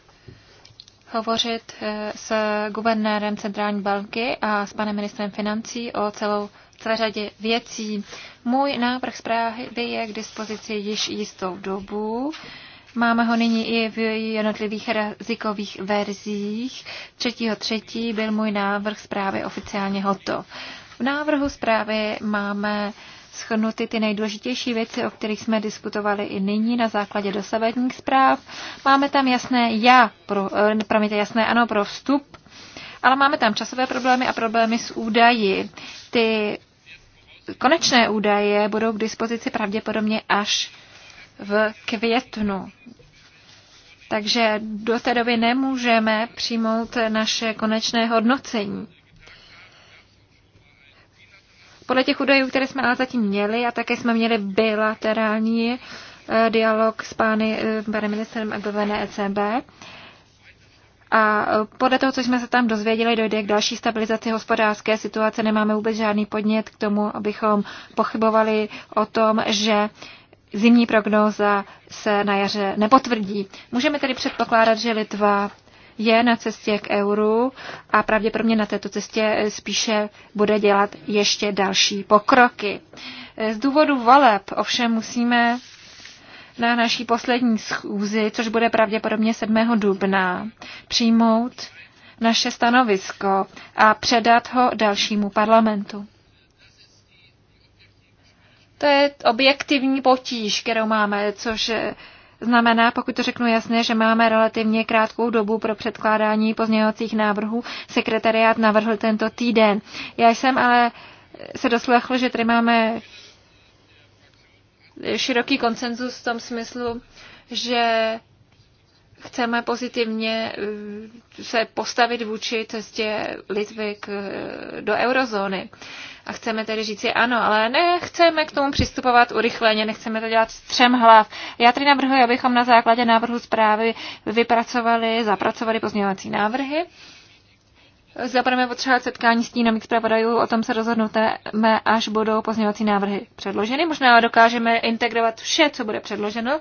hovořit eh, s guvernérem Centrální banky a s panem ministrem financí o celou celé řadě věcí. Můj návrh zprávy je k dispozici již jistou dobu. Máme ho nyní i v jednotlivých jazykových verzích. 3.3. byl můj návrh zprávy oficiálně hotov. V návrhu zprávy máme schrnuty ty nejdůležitější věci, o kterých jsme diskutovali i nyní na základě dosavadních zpráv. Máme tam jasné já, pro, eh, promiňte, jasné ano pro vstup, ale máme tam časové problémy a problémy s údaji. Ty konečné údaje budou k dispozici pravděpodobně až v květnu. Takže do té doby nemůžeme přijmout naše konečné hodnocení. Podle těch údajů, které jsme ale zatím měli, a také jsme měli bilaterální eh, dialog s pány, eh, panem ministrem EBVN ECB, a eh, podle toho, co jsme se tam dozvěděli, dojde k další stabilizaci hospodářské situace. Nemáme vůbec žádný podnět k tomu, abychom pochybovali o tom, že zimní prognóza se na jaře nepotvrdí. Můžeme tedy předpokládat, že Litva je na cestě k euru a pravděpodobně na této cestě spíše bude dělat ještě další pokroky. Z důvodu voleb ovšem musíme na naší poslední schůzi, což bude pravděpodobně 7. dubna, přijmout naše stanovisko a předat ho dalšímu parlamentu. To je objektivní potíž, kterou máme, což znamená, pokud to řeknu jasně, že máme relativně krátkou dobu pro předkládání pozměňovacích návrhů. Sekretariát navrhl tento týden. Já jsem ale se doslechl, že tady máme široký konsenzus v tom smyslu, že chceme pozitivně eh, se postavit vůči cestě Litvy k, eh, do eurozóny. A chceme tedy říci ano, ale nechceme k tomu přistupovat urychleně, nechceme to dělat střem hlav. Já tedy navrhuji, abychom na základě návrhu zprávy vypracovali, zapracovali pozměňovací návrhy. Zaprvé potřebovat setkání s tím zpravodajů, o tom se rozhodneme, až budou pozměňovací návrhy předloženy. Možná dokážeme integrovat vše, co bude předloženo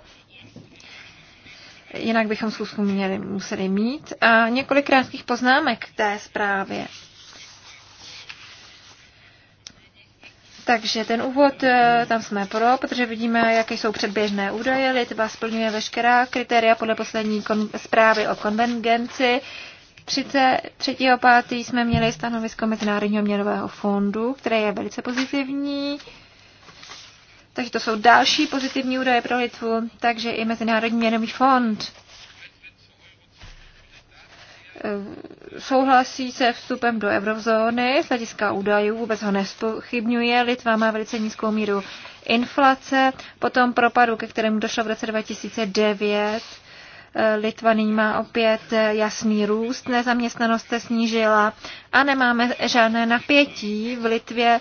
jinak bychom schůzku měli, museli mít. A několik krátkých poznámek k té zprávě. Takže ten úvod, e, tam jsme pro, protože vidíme, jaké jsou předběžné údaje. Litva splňuje veškerá kritéria podle poslední kon- zprávy o konvergenci. 33.5. jsme měli stanovisko Mezinárodního měnového fondu, které je velice pozitivní. Takže to jsou další pozitivní údaje pro Litvu, takže i Mezinárodní měnový fond eh, souhlasí se vstupem do eurozóny, z hlediska údajů vůbec ho nespochybňuje. Litva má velice nízkou míru inflace, potom propadu, ke kterému došlo v roce 2009. Eh, Litva nyní má opět eh, jasný růst, nezaměstnanost se snížila a nemáme žádné napětí v Litvě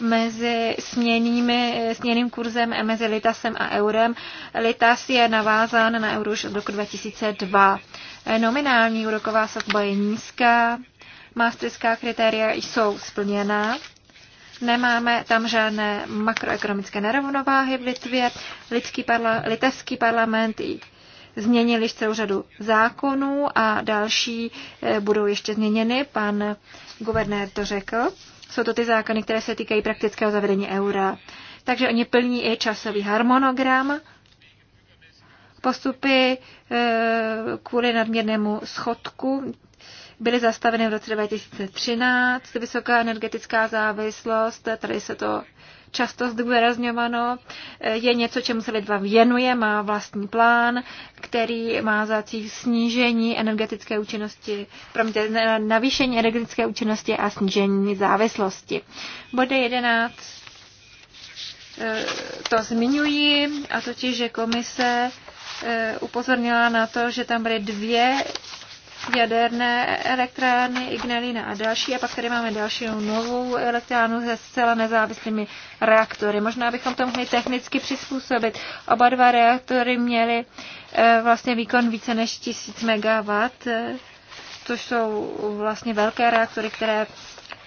mezi směnými, směným kurzem mezi Litasem a eurem. Litas je navázán na euro už od roku 2002. Nominální úroková sazba je nízká, maastrichtská kritéria jsou splněna, nemáme tam žádné makroekonomické nerovnováhy v Litvě, Litský parla, litevský parlament změnil již celou řadu zákonů a další eh, budou ještě změněny, pan guvernér to řekl. Jsou to ty zákony, které se týkají praktického zavedení eura. Takže oni plní i časový harmonogram, postupy e, kvůli nadměrnému schodku byly zastaveny v roce 2013, vysoká energetická závislost, tady se to často zdůrazňováno, eh, je něco, čemu se Litva věnuje, má vlastní plán, který má za cíl snížení energetické účinnosti, promiňte, navýšení energetické účinnosti a snížení závislosti. Bode 11 eh, to zmiňuji, a totiž, že komise eh, upozornila na to, že tam byly dvě jaderné elektrárny Ignalina a další. A pak tady máme další novou elektrárnu se zcela nezávislými reaktory. Možná bychom to mohli technicky přizpůsobit. Oba dva reaktory měly eh, vlastně výkon více než 1000 MW, eh, což jsou vlastně velké reaktory, které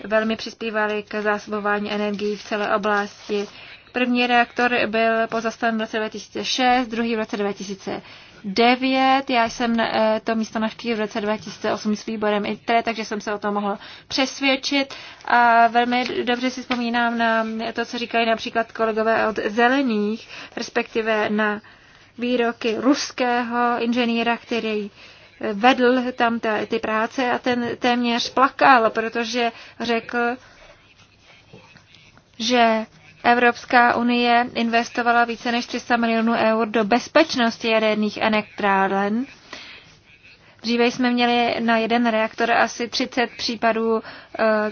velmi přispívaly k zásobování energií v celé oblasti. První reaktor byl pozastaven v roce 2006, druhý v roce 2000 2009, Já jsem eh, to místo navštívil v roce 2008 s výborem ITRE, takže jsem se o tom mohl přesvědčit. A velmi dobře si vzpomínám na to, co říkají například kolegové od zelených, respektive na výroky ruského inženýra, který eh, vedl tam ta, ty práce a ten téměř plakal, protože řekl, že Evropská unie investovala více než 300 milionů eur do bezpečnosti jaderných elektráren. Dříve jsme měli na jeden reaktor asi 30 případů e,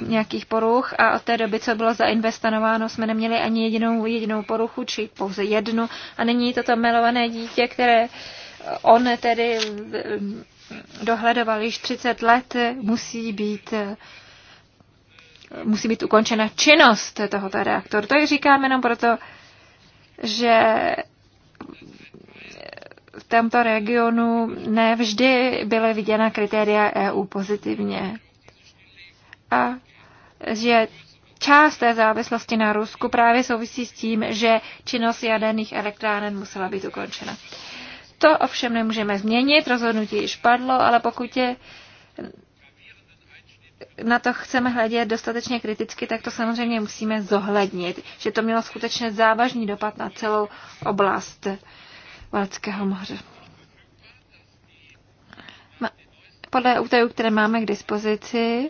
nějakých poruch a od té doby, co bylo zainvestováno, jsme neměli ani jedinou, jedinou poruchu, či pouze jednu. A nyní toto milované dítě, které eh, on tedy eh, dohledoval již 30 let, musí být musí být ukončena činnost tohoto reaktoru. To je říkám jenom proto, že v tomto regionu nevždy byly viděna kritéria EU pozitivně. A že část té závislosti na Rusku právě souvisí s tím, že činnost jaderných elektráren musela být ukončena. To ovšem nemůžeme změnit, rozhodnutí již padlo, ale pokud je na to chceme hledět dostatečně kriticky, tak to samozřejmě musíme zohlednit, že to mělo skutečně závažný dopad na celou oblast Valckého moře. Podle údajů, které máme k dispozici,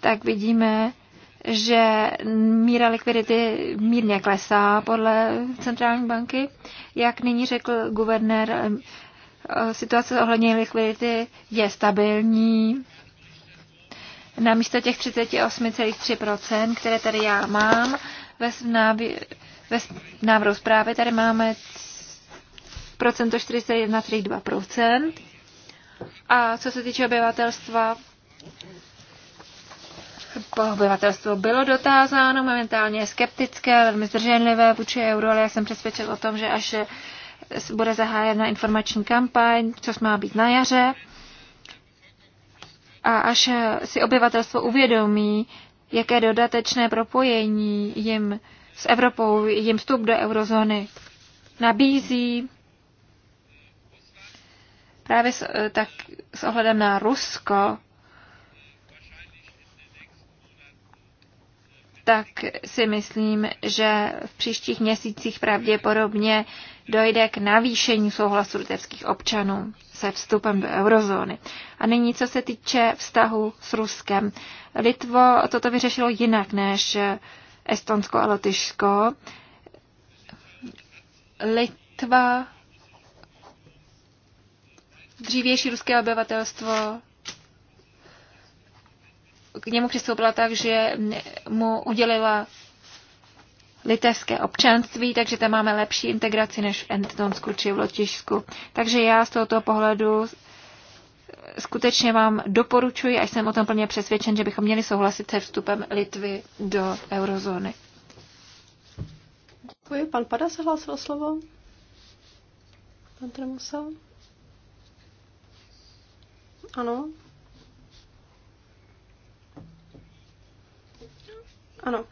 tak vidíme, že míra likvidity mírně klesá podle centrální banky. Jak nyní řekl guvernér, eh, situace ohledně likvidity je stabilní na místo těch 38,3%, které tady já mám, ve, návě, ve návrhu zprávy tady máme procento 41,2%. A co se týče obyvatelstva, po obyvatelstvo bylo dotázáno, momentálně je skeptické, velmi zdrženlivé vůči euro, ale já jsem přesvědčen o tom, že až bude zahájena informační kampaň, což má být na jaře, a až si obyvatelstvo uvědomí, jaké dodatečné propojení jim s Evropou, jim vstup do eurozóny nabízí, právě s, eh, tak s ohledem na Rusko, tak si myslím, že v příštích měsících pravděpodobně dojde k navýšení souhlasu litevských občanů se vstupem do eurozóny. A nyní, co se týče vztahu s Ruskem. Litvo toto vyřešilo jinak než Estonsko a Lotyšsko. Litva dřívější ruské obyvatelstvo k němu přistoupila tak, že mu udělila litevské občanství, takže tam máme lepší integraci než v Entonsku či v Lotišsku. Takže já z tohoto pohledu skutečně vám doporučuji, až jsem o tom plně přesvědčen, že bychom měli souhlasit se vstupem Litvy do eurozóny. Děkuji. Pan Pada se hlásil slovo. Pan Tremusa. Ano, Ano,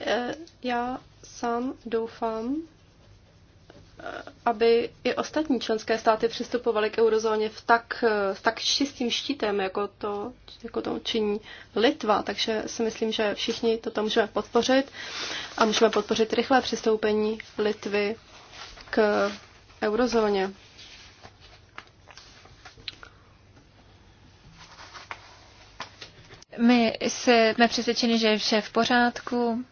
e, já sám doufám, e, aby i ostatní členské státy přistupovaly k eurozóně v tak, s e, tak čistým štítem, jako to, jako to činí Litva. Takže si myslím, že všichni toto můžeme podpořit a můžeme podpořit rychlé přistoupení Litvy k eurozóně. My jsme přesvědčeni, že je vše v pořádku,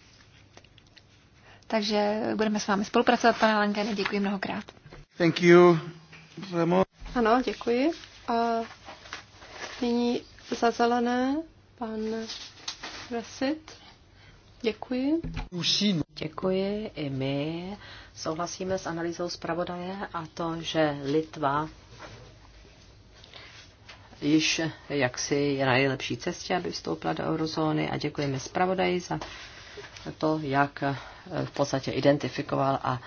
takže budeme s vámi spolupracovat, pane Langene, děkuji mnohokrát. Thank you, Remo. Ano, děkuji. A nyní za zelené pan Rasit. Děkuji. Děkuji. I my souhlasíme s analýzou zpravodaje a to, že Litva již jaksi je na nejlepší cestě, aby vstoupila do eurozóny a děkujeme zpravodaji za to, jak eh, v podstatě identifikoval a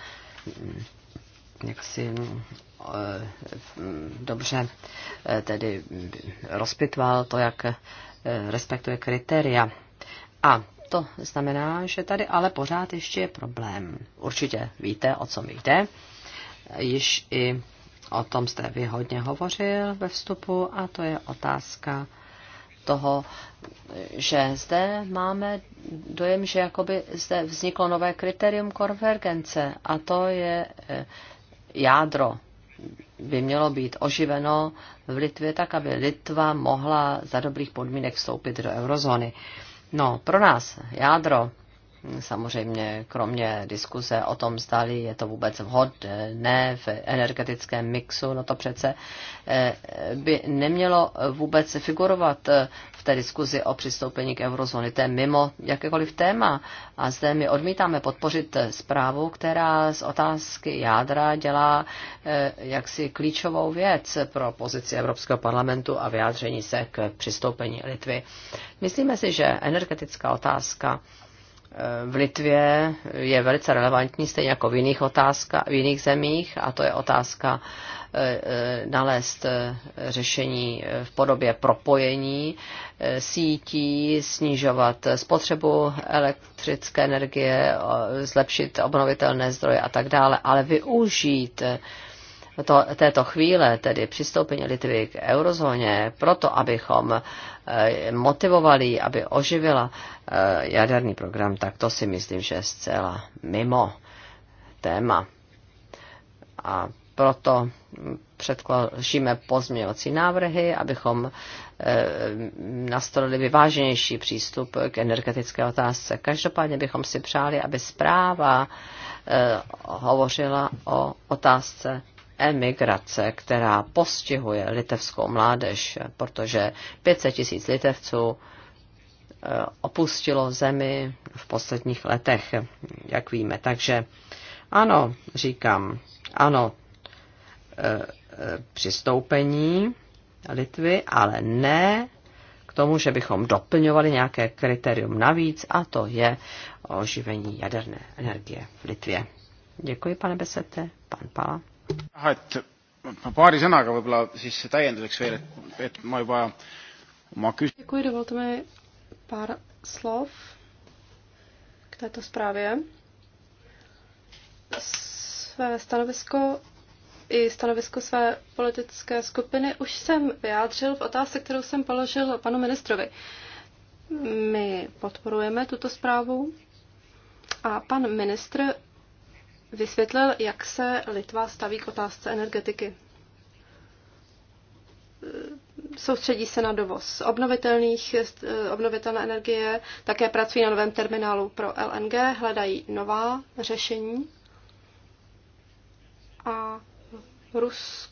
mm, jak si mm, eh, dobře eh, tedy rozpitval to, jak respektuje kritéria. A to znamená, že tady ale pořád ještě je problém. Určitě víte, o co mi jde. Již i O tom jste vy hodně hovořil ve vstupu a to je otázka toho, že zde máme dojem, že jakoby zde vzniklo nové kritérium konvergence a to je e, jádro by mělo být oživeno v Litvě tak, aby Litva mohla za dobrých podmínek vstoupit do eurozóny. No, pro nás jádro samozřejmě kromě diskuse o tom, zdali je to vůbec vhodné v energetickém mixu, no to přece eh, by nemělo vůbec figurovat eh, v té diskuzi o přistoupení k eurozóně. To je mimo jakékoliv téma. A zde my odmítáme podpořit eh, zprávu, která z otázky jádra dělá jaksi klíčovou věc pro pozici Evropského parlamentu a vyjádření se k přistoupení Litvy. Myslíme si, že energetická otázka v Litvě je velice relevantní, stejně jako v jiných, otázka, v jiných zemích, a to je otázka e, e, nalézt e, řešení v podobě propojení sítí, snižovat spotřebu elektrické energie, zlepšit obnovitelné zdroje a tak dále, ale využít to, této chvíle, tedy přistoupení Litvy k eurozóně, proto abychom Eh, motivovali ji, aby oživila eh, jaderný program, tak to si myslím, že je zcela mimo téma. A proto předklážíme pozměňovací návrhy, abychom eh, nastolili vyváženější přístup k energetické otázce. Každopádně bychom si přáli, aby zpráva hovořila o otázce emigrace, která postihuje litevskou mládež, protože 500 tisíc litevců eh, opustilo zemi v posledních letech, jak víme. Takže ano, říkám, ano, eh, eh, přistoupení Litvy, ale ne k tomu, že bychom doplňovali nějaké kritérium navíc, a to je oživení jaderné energie v Litvě. Děkuji, pane Besete, pan Pala ah, et paari sõnaga võib-olla siis täienduseks veel, et, et ma juba oma küs-. kui dovolte mi pár slov k této zprávě. Své stanovisko i stanovisko své politické skupiny už jsem vyjádřil v otázce, kterou jsem položil panu ministrovi. My podporujeme tuto zprávu a pan ministr vysvětlil, jak se Litva staví k otázce energetiky. Soustředí se na dovoz obnovitelných, obnovitelné energie, také pracují na novém terminálu pro LNG, hledají nová řešení. A Rus,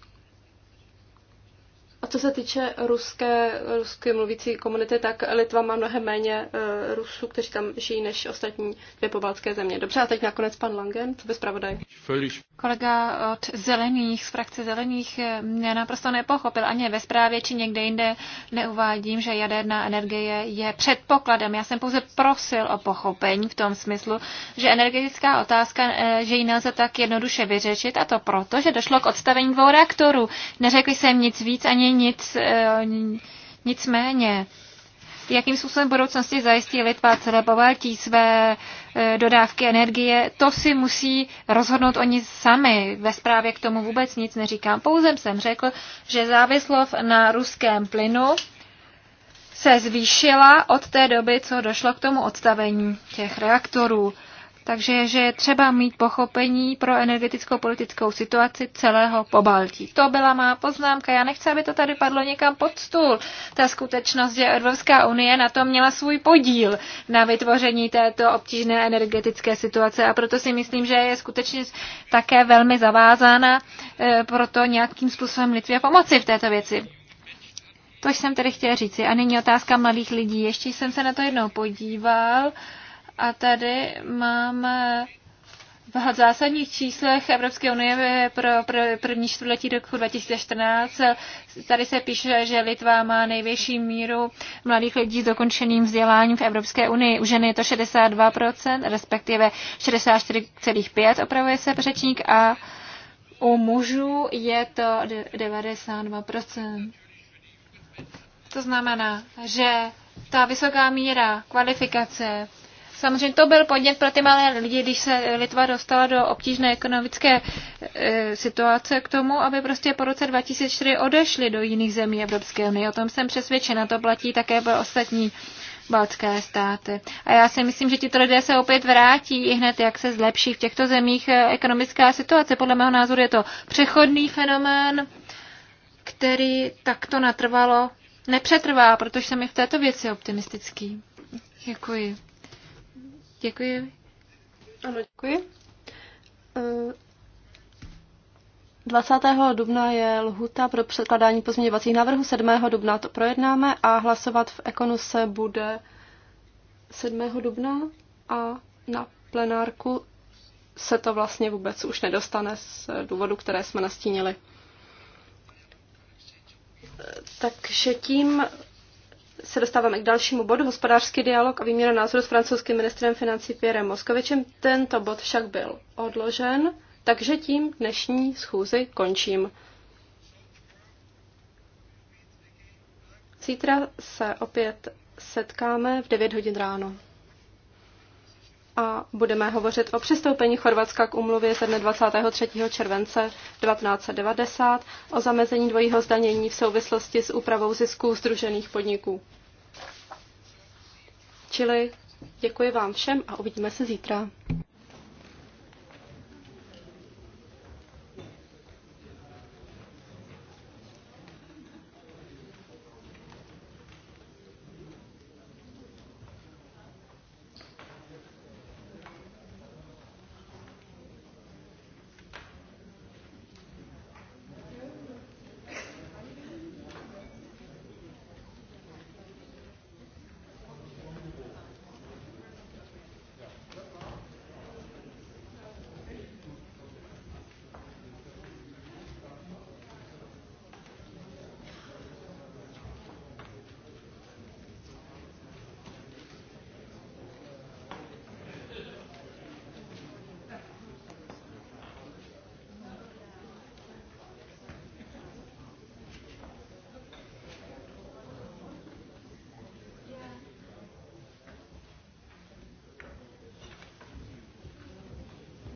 a co se týče ruské, ruské mluvící komunity, tak Litva má mnohem méně eh, Rusů, kteří tam žijí, než ostatní dvě pobaltské země. Dobře, a teď nakonec pan Langen, co by zpravodaj? kolega od zelených, z frakce zelených, eh, mě naprosto nepochopil. Ani ve zprávě, či někde jinde neuvádím, že jaderná energie je předpokladem. Já jsem pouze prosil o pochopení v tom smyslu, že energetická otázka, eh, že ji nelze tak jednoduše vyřešit, a to proto, že došlo k odstavení dvou reaktorů. Neřekli jsem nic víc, ani nic, eh, nic méně. Jakým způsobem v budoucnosti zajistí Litva celé povaltí své Eh, dodávky energie, to si musí rozhodnout oni sami. Ve zprávě k tomu vůbec nic neříkám. Pouze jsem řekl, že závislost na ruském plynu se zvýšila od té doby, co došlo k tomu odstavení těch reaktorů. Takže že je třeba mít pochopení pro energetickou politickou situaci celého Pobaltí. To byla má poznámka. Já nechci, aby to tady padlo někam pod stůl. Ta skutečnost, že Evropská unie na to měla svůj podíl na vytvoření této obtížné energetické situace a proto si myslím, že je skutečně také velmi zavázána eh, proto nějakým způsobem Litvě pomoci v této věci. To jsem tedy chtěla říci. A nyní otázka mladých lidí. Ještě jsem se na to jednou podíval. E, a tady máme v zásadních číslech Evropské unie pro, pro první čtvrtletí roku 2014. Tady se píše, že Litva má největší míru mladých lidí s dokončeným vzděláním v Evropské unii. U ženy je to 62%, respektive 64,5% opravuje se řečník a u mužů je to 92%. To znamená, že ta vysoká míra kvalifikace Samozřejmě to byl podnět pro ty malé lidi, když se Litva dostala do obtížné ekonomické e, situace k tomu, aby prostě po roce 2004 odešli do jiných zemí Evropské unie. O tom jsem přesvědčena. To platí také pro ostatní baltské státy. A já si myslím, že tito lidé se opět vrátí i hned, jak se zlepší v těchto zemích e, ekonomická situace. Podle mého názoru je to přechodný fenomén, který takto natrvalo nepřetrvá, protože jsem i v této věci optimistický. Děkuji. Děkuji. Ano, děkuji. 20. E, dubna je lhuta pro překladání pozměňovacích návrhů. 7. dubna to projednáme a hlasovat v Ekonu se bude 7. dubna a na plenárku se to vlastně vůbec už nedostane z důvodu, které jsme nastínili. E, takže tím se dostáváme k dalšímu bodu, hospodářský dialog a výměna názoru s francouzským ministrem financí Pierrem Moskovičem. Tento bod však byl odložen, takže tím dnešní schůzi končím. Zítra se opět setkáme v 9 hodin ráno a budeme hovořit o přistoupení Chorvatska k umluvě ze dne 23. července 1990 o zamezení dvojího zdanění v souvislosti s úpravou zisků združených podniků. Čili děkuji vám všem a uvidíme se zítra.